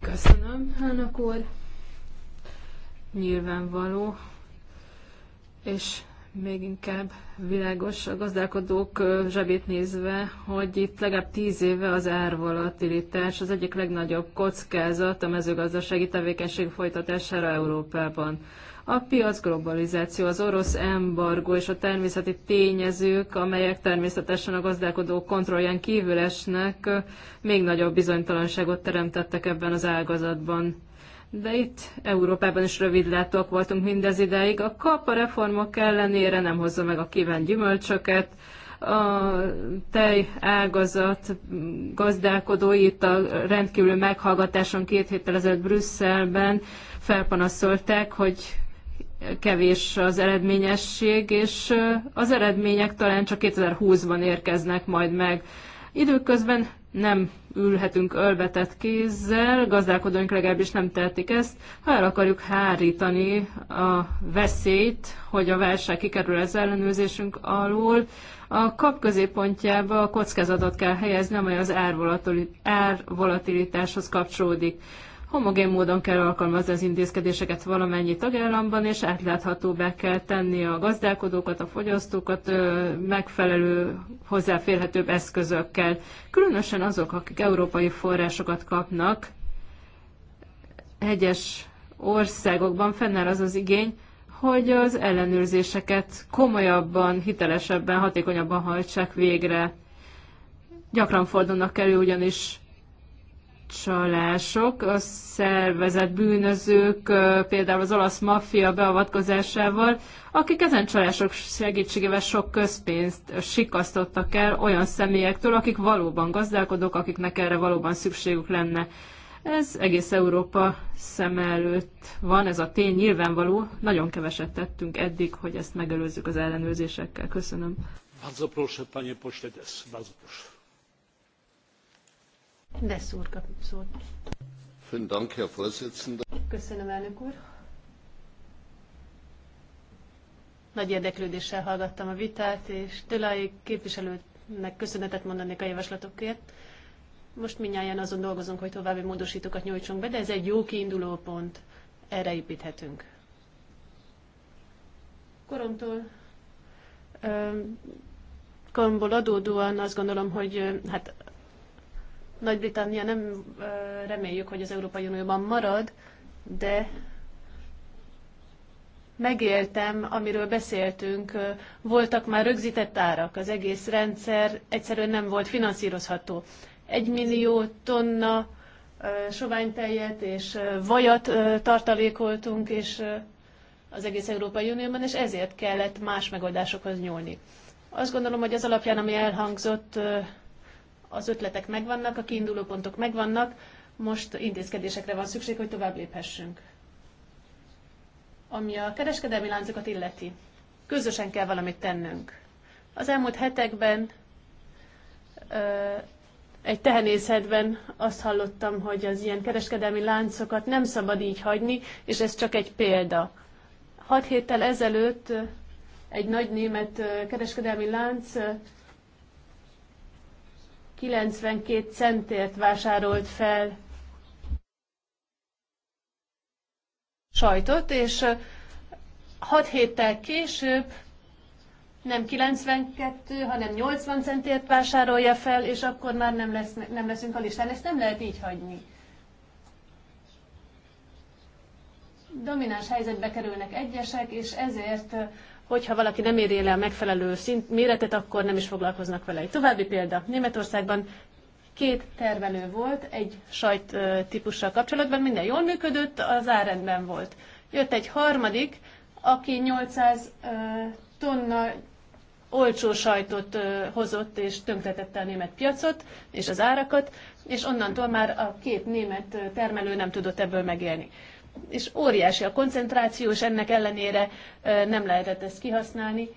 Köszönöm, elnök úr. Nyilvánvaló, és még inkább világos a gazdálkodók zsebét nézve, hogy itt legalább tíz éve az árvolatilitás az egyik legnagyobb kockázat a mezőgazdasági tevékenység folytatására Európában. A piac globalizáció, az orosz embargo és a természeti tényezők, amelyek természetesen a gazdálkodók kontrollján kívül esnek, még nagyobb bizonytalanságot teremtettek ebben az ágazatban de itt Európában is rövidlátók voltunk mindez ideig. A kap a reformok ellenére nem hozza meg a kívánt gyümölcsöket, a tej ágazat gazdálkodói itt a rendkívül meghallgatáson két héttel ezelőtt Brüsszelben felpanaszolták, hogy kevés az eredményesség, és az eredmények talán csak 2020-ban érkeznek majd meg. Időközben nem ülhetünk ölvetett kézzel, gazdálkodóink legalábbis nem tehetik ezt, ha el akarjuk hárítani a veszélyt, hogy a válság kikerül az ellenőrzésünk alól, a kap középpontjába a kockázatot kell helyezni, amely az árvolatilitáshoz kapcsolódik. Homogén módon kell alkalmazni az intézkedéseket valamennyi tagállamban, és átláthatóbbá kell tenni a gazdálkodókat, a fogyasztókat megfelelő, hozzáférhetőbb eszközökkel. Különösen azok, akik európai forrásokat kapnak, egyes országokban fennáll az az igény, hogy az ellenőrzéseket komolyabban, hitelesebben, hatékonyabban hajtsák végre. Gyakran fordulnak elő ugyanis csalások, a szervezett bűnözők, például az olasz maffia beavatkozásával, akik ezen csalások segítségével sok közpénzt sikasztottak el olyan személyektől, akik valóban gazdálkodók, akiknek erre valóban szükségük lenne. Ez egész Európa szem előtt van, ez a tény nyilvánvaló. Nagyon keveset tettünk eddig, hogy ezt megelőzzük az ellenőrzésekkel. Köszönöm. Bardzo proszę, panie pośle Bardzo proszę. De szúr kap szót. Köszönöm, elnök úr. Nagy érdeklődéssel hallgattam a vitát, és Tölai képviselőnek köszönetet mondanék a javaslatokért. Most minnyáján azon dolgozunk, hogy további módosítókat nyújtsunk be, de ez egy jó kiinduló pont. Erre építhetünk. Koromtól koromból adódóan azt gondolom, hogy hát nagy-Britannia nem reméljük, hogy az Európai Unióban marad, de megéltem, amiről beszéltünk, voltak már rögzített árak, az egész rendszer egyszerűen nem volt finanszírozható. Egy millió tonna soványtejet és vajat tartalékoltunk, és az egész Európai Unióban, és ezért kellett más megoldásokhoz nyúlni. Azt gondolom, hogy az alapján, ami elhangzott, az ötletek megvannak, a kiinduló pontok megvannak, most intézkedésekre van szükség, hogy tovább léphessünk. Ami a kereskedelmi láncokat illeti, közösen kell valamit tennünk. Az elmúlt hetekben egy tehenészetben azt hallottam, hogy az ilyen kereskedelmi láncokat nem szabad így hagyni, és ez csak egy példa. Hat héttel ezelőtt egy nagy német kereskedelmi lánc 92 centért vásárolt fel sajtot, és 6 héttel később nem 92, hanem 80 centért vásárolja fel, és akkor már nem, lesz, nem leszünk a listán. Ezt nem lehet így hagyni. Domináns helyzetbe kerülnek egyesek, és ezért hogyha valaki nem éri el a megfelelő szint méretet, akkor nem is foglalkoznak vele. Egy további példa. Németországban két tervelő volt egy sajt típussal kapcsolatban, minden jól működött, az árendben volt. Jött egy harmadik, aki 800 tonna olcsó sajtot hozott és tönkretette a német piacot és az árakat, és onnantól már a két német termelő nem tudott ebből megélni és óriási a koncentráció, és ennek ellenére nem lehetett ezt kihasználni.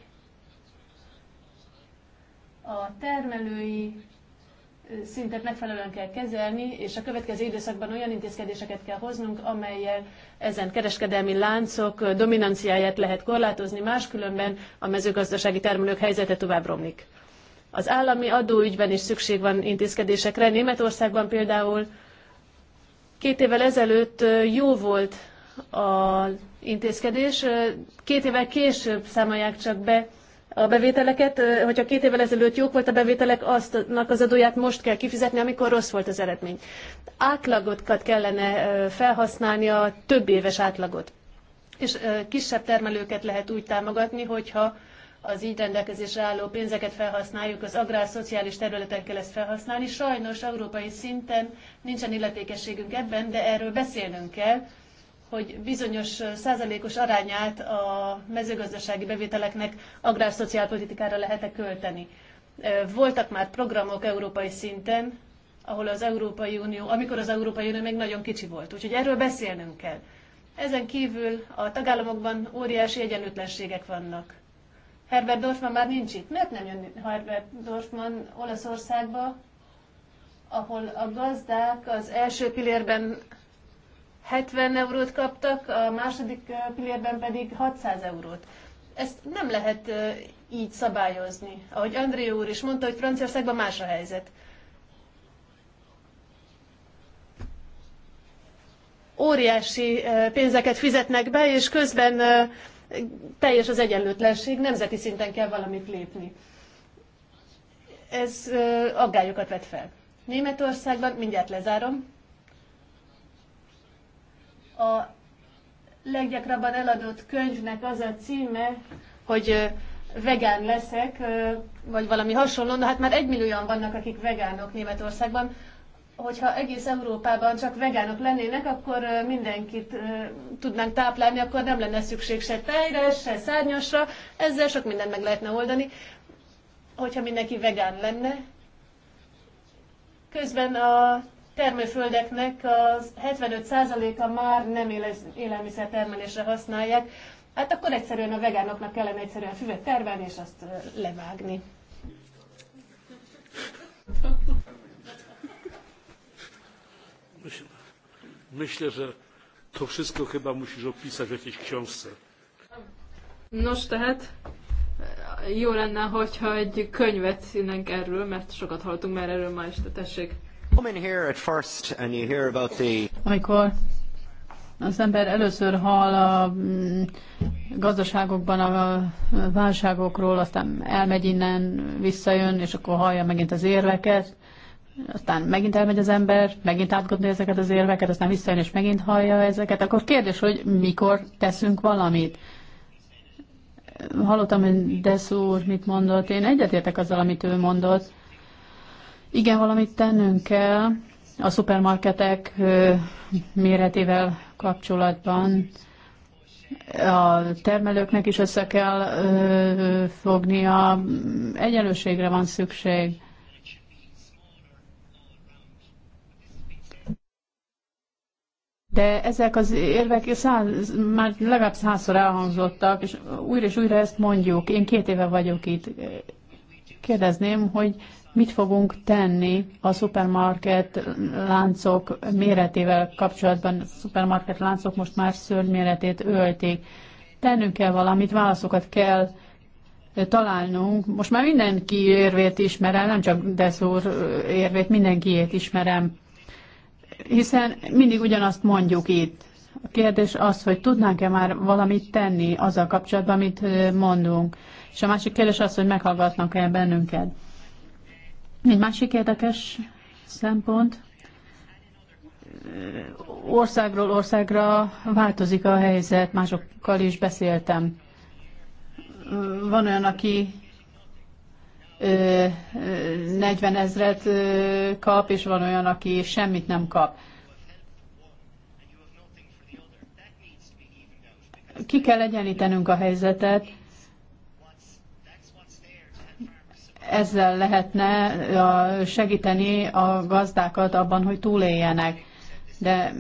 A termelői szintet megfelelően kell kezelni, és a következő időszakban olyan intézkedéseket kell hoznunk, amelyel ezen kereskedelmi láncok dominanciáját lehet korlátozni, máskülönben a mezőgazdasági termelők helyzete tovább romlik. Az állami adóügyben is szükség van intézkedésekre. Németországban például Két évvel ezelőtt jó volt a intézkedés, két évvel később számolják csak be a bevételeket, hogyha két évvel ezelőtt jók volt a bevételek, aztnak az adóját most kell kifizetni, amikor rossz volt az eredmény. Átlagokat kellene felhasználni, a több éves átlagot. És kisebb termelőket lehet úgy támogatni, hogyha az így rendelkezésre álló pénzeket felhasználjuk, az agrárszociális területen kell ezt felhasználni. Sajnos európai szinten nincsen illetékességünk ebben, de erről beszélnünk kell, hogy bizonyos százalékos arányát a mezőgazdasági bevételeknek agrárszociálpolitikára lehet-e költeni. Voltak már programok európai szinten, ahol az Európai Unió, amikor az Európai Unió még nagyon kicsi volt. Úgyhogy erről beszélnünk kell. Ezen kívül a tagállamokban óriási egyenlőtlenségek vannak Herbert Dorfman már nincs itt. Miért nem jön Herbert Dorfman Olaszországba, ahol a gazdák az első pillérben 70 eurót kaptak, a második pillérben pedig 600 eurót. Ezt nem lehet így szabályozni. Ahogy André úr is mondta, hogy Franciaországban más a helyzet. Óriási pénzeket fizetnek be, és közben teljes az egyenlőtlenség, nemzeti szinten kell valamit lépni. Ez aggályokat vet fel. Németországban, mindjárt lezárom, a leggyakrabban eladott könyvnek az a címe, hogy vegán leszek, vagy valami hasonló. de hát már egymillióan vannak, akik vegánok Németországban hogyha egész Európában csak vegánok lennének, akkor mindenkit tudnánk táplálni, akkor nem lenne szükség se tejre, se szárnyasra, ezzel sok mindent meg lehetne oldani, hogyha mindenki vegán lenne. Közben a termőföldeknek az 75%-a már nem élelmiszer termelésre használják, hát akkor egyszerűen a vegánoknak kellene egyszerűen füvet termelni és azt levágni. Myślę, że to wszystko chyba musisz opisać w jakiejś książce. Nos, tehát jó lenne, hogyha egy könyvet innenk erről, mert sokat hallottunk már erről ma este, tessék. Amikor az ember először hall a mm, gazdaságokban a válságokról, aztán elmegy innen, visszajön, és akkor hallja megint az érveket, aztán megint elmegy az ember, megint átgondolja ezeket az érveket, aztán visszajön és megint hallja ezeket, akkor kérdés, hogy mikor teszünk valamit. Hallottam, hogy Deszú úr mit mondott, én egyetértek azzal, amit ő mondott. Igen, valamit tennünk kell a szupermarketek méretével kapcsolatban. A termelőknek is össze kell fognia, egyenlőségre van szükség De ezek az érvek száz, már legalább százszor elhangzottak, és újra és újra ezt mondjuk. Én két éve vagyok itt. Kérdezném, hogy mit fogunk tenni a szupermarket láncok méretével kapcsolatban. A szupermarket láncok most már szörny méretét ölték. Tennünk kell valamit, válaszokat kell találnunk. Most már mindenki érvét ismerem, nem csak Deszúr érvét, mindenkiét ismerem hiszen mindig ugyanazt mondjuk itt. A kérdés az, hogy tudnánk-e már valamit tenni azzal kapcsolatban, amit mondunk. És a másik kérdés az, hogy meghallgatnak-e bennünket. Egy másik érdekes szempont, országról országra változik a helyzet, másokkal is beszéltem. Van olyan, aki 40 ezret kap, és van olyan, aki semmit nem kap. Ki kell egyenlítenünk a helyzetet. Ezzel lehetne segíteni a gazdákat abban, hogy túléljenek. De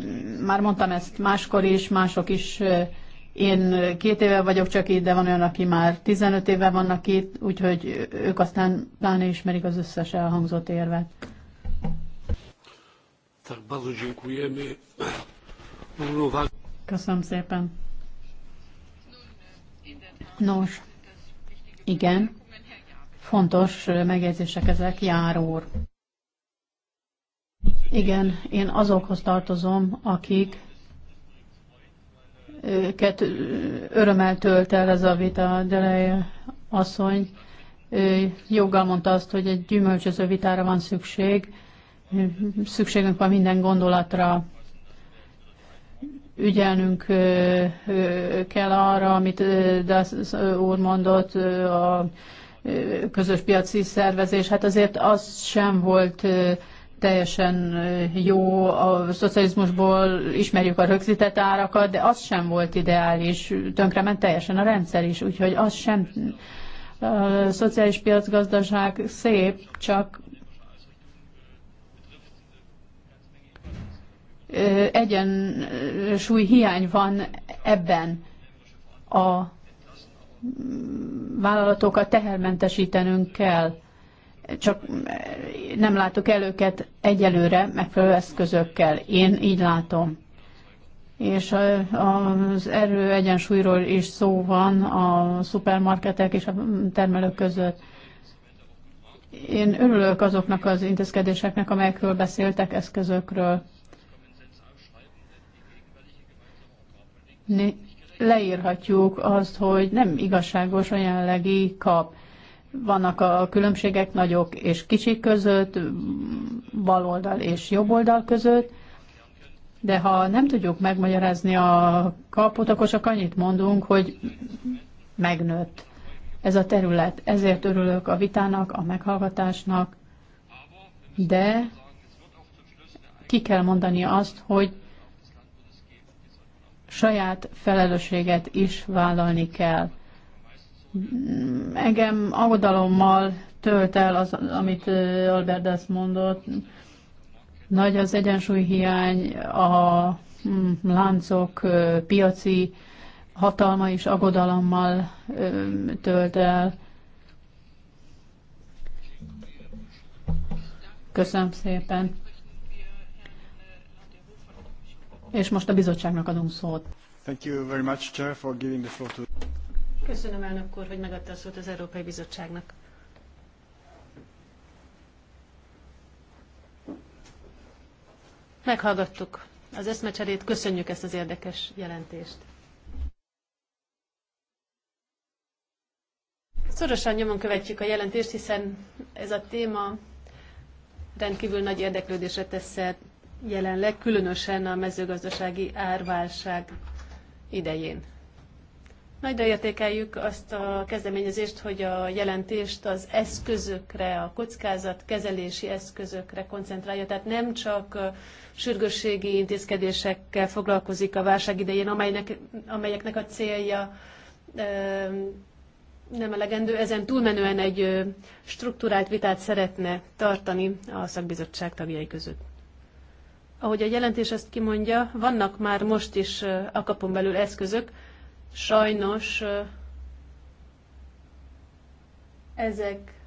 már mondtam ezt máskor is, mások is én két éve vagyok csak itt, de van olyan, aki már 15 éve vannak itt, úgyhogy ők aztán pláne ismerik az összes elhangzott érvet. Köszönöm szépen. Nos, igen, fontos megjegyzések ezek, jár úr. Igen, én azokhoz tartozom, akik őket örömmel tölt el ez a vita, Delej asszony joggal mondta azt, hogy egy gyümölcsöző vitára van szükség, szükségünk van minden gondolatra, ügyelnünk kell arra, amit Dasz úr mondott, a közös piaci szervezés, hát azért az sem volt teljesen jó, a szocializmusból ismerjük a rögzített árakat, de az sem volt ideális, tönkrement teljesen a rendszer is, úgyhogy az sem a szociális piacgazdaság szép, csak egyensúly hiány van ebben a vállalatokat tehermentesítenünk kell csak nem látok el őket egyelőre megfelelő eszközökkel. Én így látom. És az erő egyensúlyról is szó van a szupermarketek és a termelők között. Én örülök azoknak az intézkedéseknek, amelyekről beszéltek, eszközökről. leírhatjuk azt, hogy nem igazságos a jelenlegi kap vannak a különbségek nagyok és kicsik között, baloldal és jobboldal között, de ha nem tudjuk megmagyarázni a kaput, akkor csak annyit mondunk, hogy megnőtt ez a terület. Ezért örülök a vitának, a meghallgatásnak, de ki kell mondani azt, hogy saját felelősséget is vállalni kell engem aggodalommal tölt el az, amit Albert azt mondott. Nagy az egyensúlyhiány, a hm, láncok piaci hatalma is aggodalommal tölt el. Köszönöm szépen. És most a bizottságnak adunk szót. Thank you very much, Chair, for giving the floor to... Köszönöm elnök úr, hogy megadta a szót az Európai Bizottságnak. Meghallgattuk az eszmecserét, köszönjük ezt az érdekes jelentést. Szorosan nyomon követjük a jelentést, hiszen ez a téma rendkívül nagy érdeklődésre tesz jelenleg, különösen a mezőgazdasági árválság idején. Nagyra értékeljük azt a kezdeményezést, hogy a jelentést az eszközökre, a kezelési eszközökre koncentrálja, tehát nem csak sürgősségi intézkedésekkel foglalkozik a válság idején, amelynek, amelyeknek a célja nem elegendő, ezen túlmenően egy struktúrált vitát szeretne tartani a szakbizottság tagjai között. Ahogy a jelentés ezt kimondja, vannak már most is kapon belül eszközök, Sajnos ezek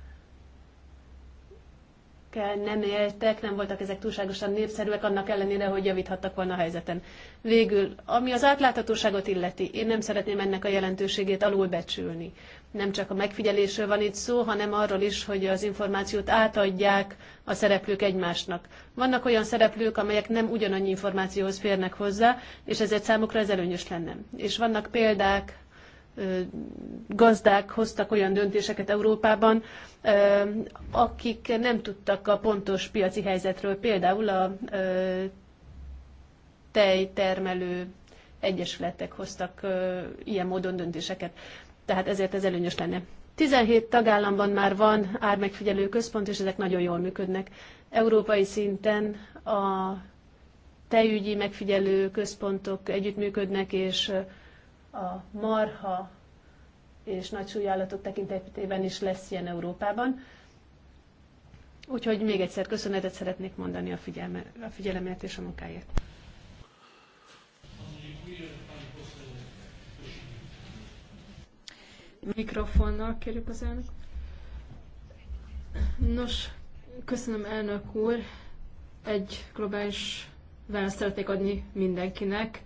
ezekkel nem éltek, nem voltak ezek túlságosan népszerűek, annak ellenére, hogy javíthattak volna a helyzeten. Végül, ami az átláthatóságot illeti, én nem szeretném ennek a jelentőségét alulbecsülni. Nem csak a megfigyelésről van itt szó, hanem arról is, hogy az információt átadják a szereplők egymásnak. Vannak olyan szereplők, amelyek nem ugyanannyi információhoz férnek hozzá, és ezért számukra ez előnyös lenne. És vannak példák gazdák hoztak olyan döntéseket Európában, akik nem tudtak a pontos piaci helyzetről, például a tejtermelő egyesületek hoztak ilyen módon döntéseket. Tehát ezért ez előnyös lenne. 17 tagállamban már van ármegfigyelő központ, és ezek nagyon jól működnek. Európai szinten a tejügyi megfigyelő központok együttműködnek, és a marha és nagy súlyállatok tekintetében is lesz ilyen Európában. Úgyhogy még egyszer köszönetet szeretnék mondani a, figyelme, a figyelemért és a munkáért. Mikrofonnal kérjük az elnök. Nos, köszönöm elnök úr. Egy globális választ szeretnék adni mindenkinek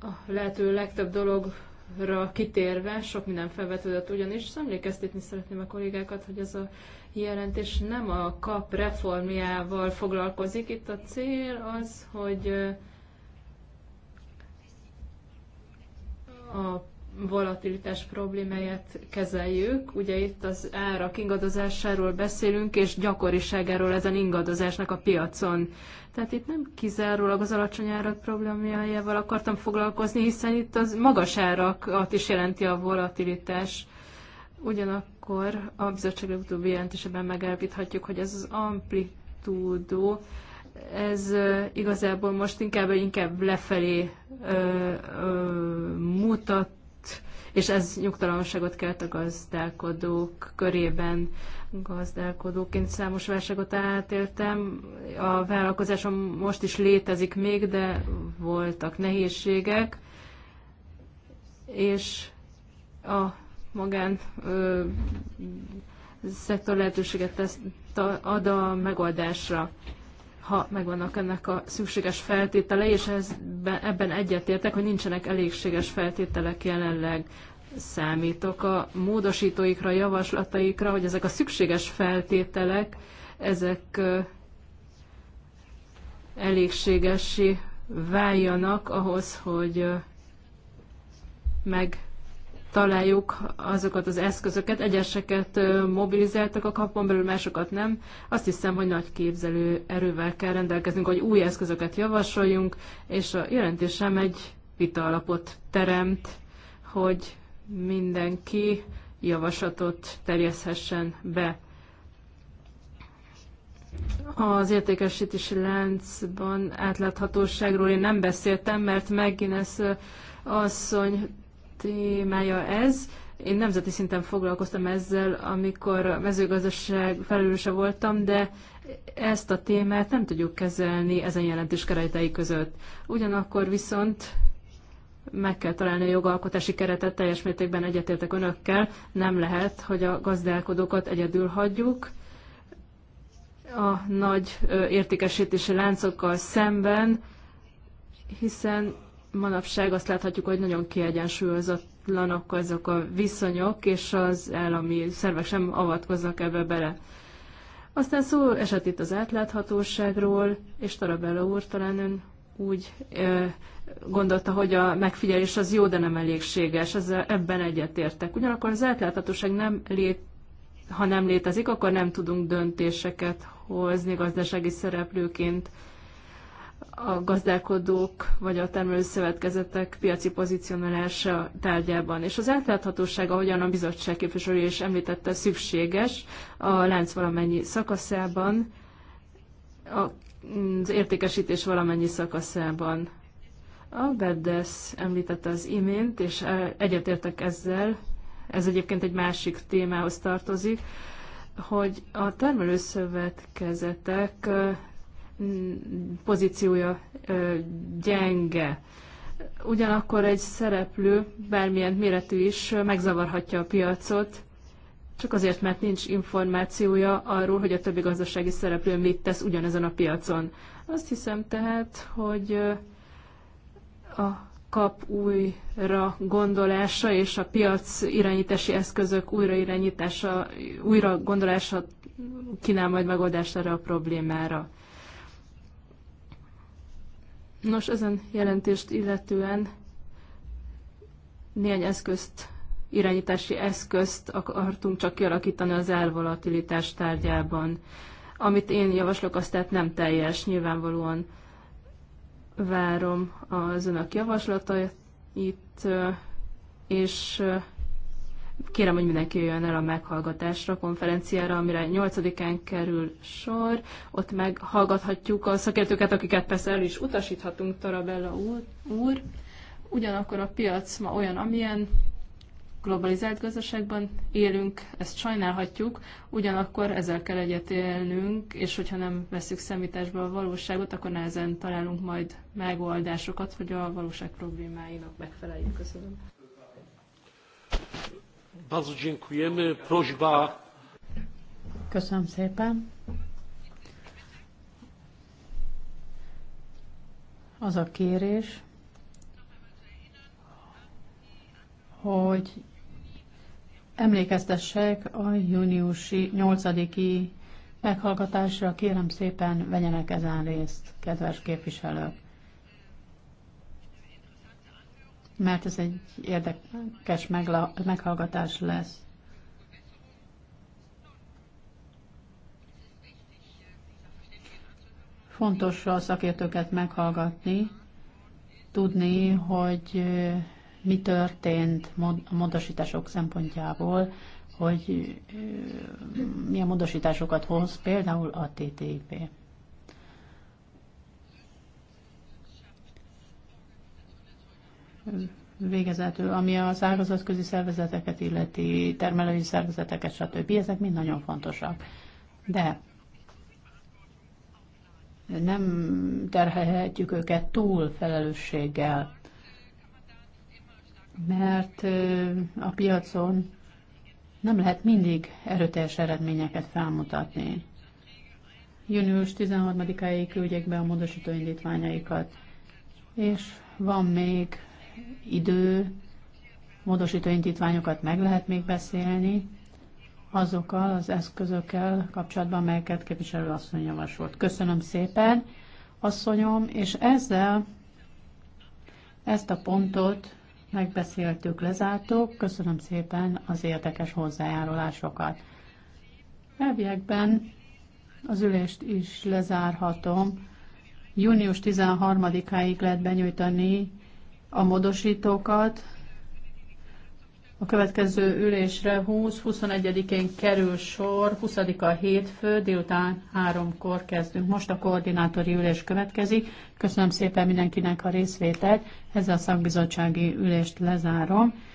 a lehető legtöbb dologra kitérve, sok minden felvetődött ugyanis, és emlékeztetni szeretném a kollégákat, hogy ez a jelentés nem a kap reformjával foglalkozik. Itt a cél az, hogy a volatilitás problémáját kezeljük. Ugye itt az árak ingadozásáról beszélünk, és gyakoriságáról ezen ingadozásnak a piacon. Tehát itt nem kizárólag az alacsony árak problémájával akartam foglalkozni, hiszen itt az magas árakat is jelenti a volatilitás. Ugyanakkor a bizottság utóbbi jelentésében megállapíthatjuk, hogy ez az amplitúdó, ez igazából most inkább inkább lefelé ö, ö, mutat és ez nyugtalanságot kelt a gazdálkodók körében. Gazdálkodóként számos válságot átéltem. A vállalkozásom most is létezik még, de voltak nehézségek, és a magán ö, szektor lehetőséget tesz, ad a megoldásra ha megvannak ennek a szükséges feltételei, és ez, ebben egyetértek, hogy nincsenek elégséges feltételek jelenleg. Számítok a módosítóikra, javaslataikra, hogy ezek a szükséges feltételek, ezek elégségesi váljanak ahhoz, hogy meg találjuk azokat az eszközöket. Egyeseket mobilizáltak a kapon belül, másokat nem. Azt hiszem, hogy nagy képzelő erővel kell rendelkeznünk, hogy új eszközöket javasoljunk, és a jelentésem egy vita alapot teremt, hogy mindenki javaslatot terjeszhessen be. Az értékesítési láncban átláthatóságról én nem beszéltem, mert ez asszony témája ez. Én nemzeti szinten foglalkoztam ezzel, amikor a mezőgazdaság felelőse voltam, de ezt a témát nem tudjuk kezelni ezen jelentés keretei között. Ugyanakkor viszont meg kell találni a jogalkotási keretet, teljes mértékben egyetértek önökkel, nem lehet, hogy a gazdálkodókat egyedül hagyjuk a nagy értékesítési láncokkal szemben, hiszen manapság azt láthatjuk, hogy nagyon kiegyensúlyozatlanak azok a viszonyok, és az állami szervek sem avatkoznak ebbe bele. Aztán szó esett itt az átláthatóságról, és Tarabella úr talán ön úgy ö, gondolta, hogy a megfigyelés az jó, de nem elégséges. Ezzel, ebben egyetértek. Ugyanakkor az átláthatóság nem lét, ha nem létezik, akkor nem tudunk döntéseket hozni gazdasági szereplőként a gazdálkodók vagy a termelő szövetkezetek piaci pozícionálása tárgyában. És az átláthatóság, ahogyan a bizottság képviselője is említette, szükséges a lánc valamennyi szakaszában, az értékesítés valamennyi szakaszában. A BEDDESZ említette az imént, és e, egyetértek ezzel, ez egyébként egy másik témához tartozik, hogy a termelőszövetkezetek pozíciója gyenge. Ugyanakkor egy szereplő, bármilyen méretű is, megzavarhatja a piacot, csak azért, mert nincs információja arról, hogy a többi gazdasági szereplő mit tesz ugyanezen a piacon. Azt hiszem tehát, hogy a kap újra gondolása és a piac irányítási eszközök újra irányítása, újra gondolása kínál majd megoldást erre a problémára. Nos, ezen jelentést illetően néhány eszközt, irányítási eszközt akartunk csak kialakítani az elvolatilitás tárgyában. Amit én javaslok, azt tehát nem teljes, nyilvánvalóan várom az önök javaslatait, és Kérem, hogy mindenki jöjjön el a meghallgatásra, konferenciára, amire 8-án kerül sor. Ott meghallgathatjuk a szakértőket, akiket persze el is utasíthatunk, Tarabella úr. úr. Ugyanakkor a piac ma olyan, amilyen globalizált gazdaságban élünk, ezt sajnálhatjuk, ugyanakkor ezzel kell egyet élnünk, és hogyha nem veszük szemításba a valóságot, akkor nehezen találunk majd megoldásokat, hogy a valóság problémáinak megfeleljünk. Köszönöm. Bardzo dziękujemy. Prośba. Köszönöm szépen. Az a kérés, hogy emlékeztessek a júniusi 8-i meghallgatásra. Kérem szépen, vegyenek ezen részt, kedves képviselők. mert ez egy érdekes meghallgatás lesz. Fontos a szakértőket meghallgatni, tudni, hogy mi történt a módosítások szempontjából, hogy milyen módosításokat hoz, például a TTIP. végezetű, ami az ágazatközi szervezeteket illeti, termelői szervezeteket, stb. Ezek mind nagyon fontosak. De nem terhelhetjük őket túl felelősséggel, mert a piacon nem lehet mindig erőteljes eredményeket felmutatni. Június 13-áig küldjék be a módosító indítványaikat, és van még idő, módosító intitványokat meg lehet még beszélni, azokkal az eszközökkel kapcsolatban, melyeket képviselő asszony javasolt. Köszönöm szépen, asszonyom, és ezzel ezt a pontot megbeszéltük, lezártuk. Köszönöm szépen az érdekes hozzájárulásokat. Elviekben az ülést is lezárhatom. Június 13-áig lehet benyújtani a módosítókat. A következő ülésre 20-21-én kerül sor, 20-a hétfő, délután háromkor kezdünk. Most a koordinátori ülés következik. Köszönöm szépen mindenkinek a részvételt. Ezzel a szakbizottsági ülést lezárom.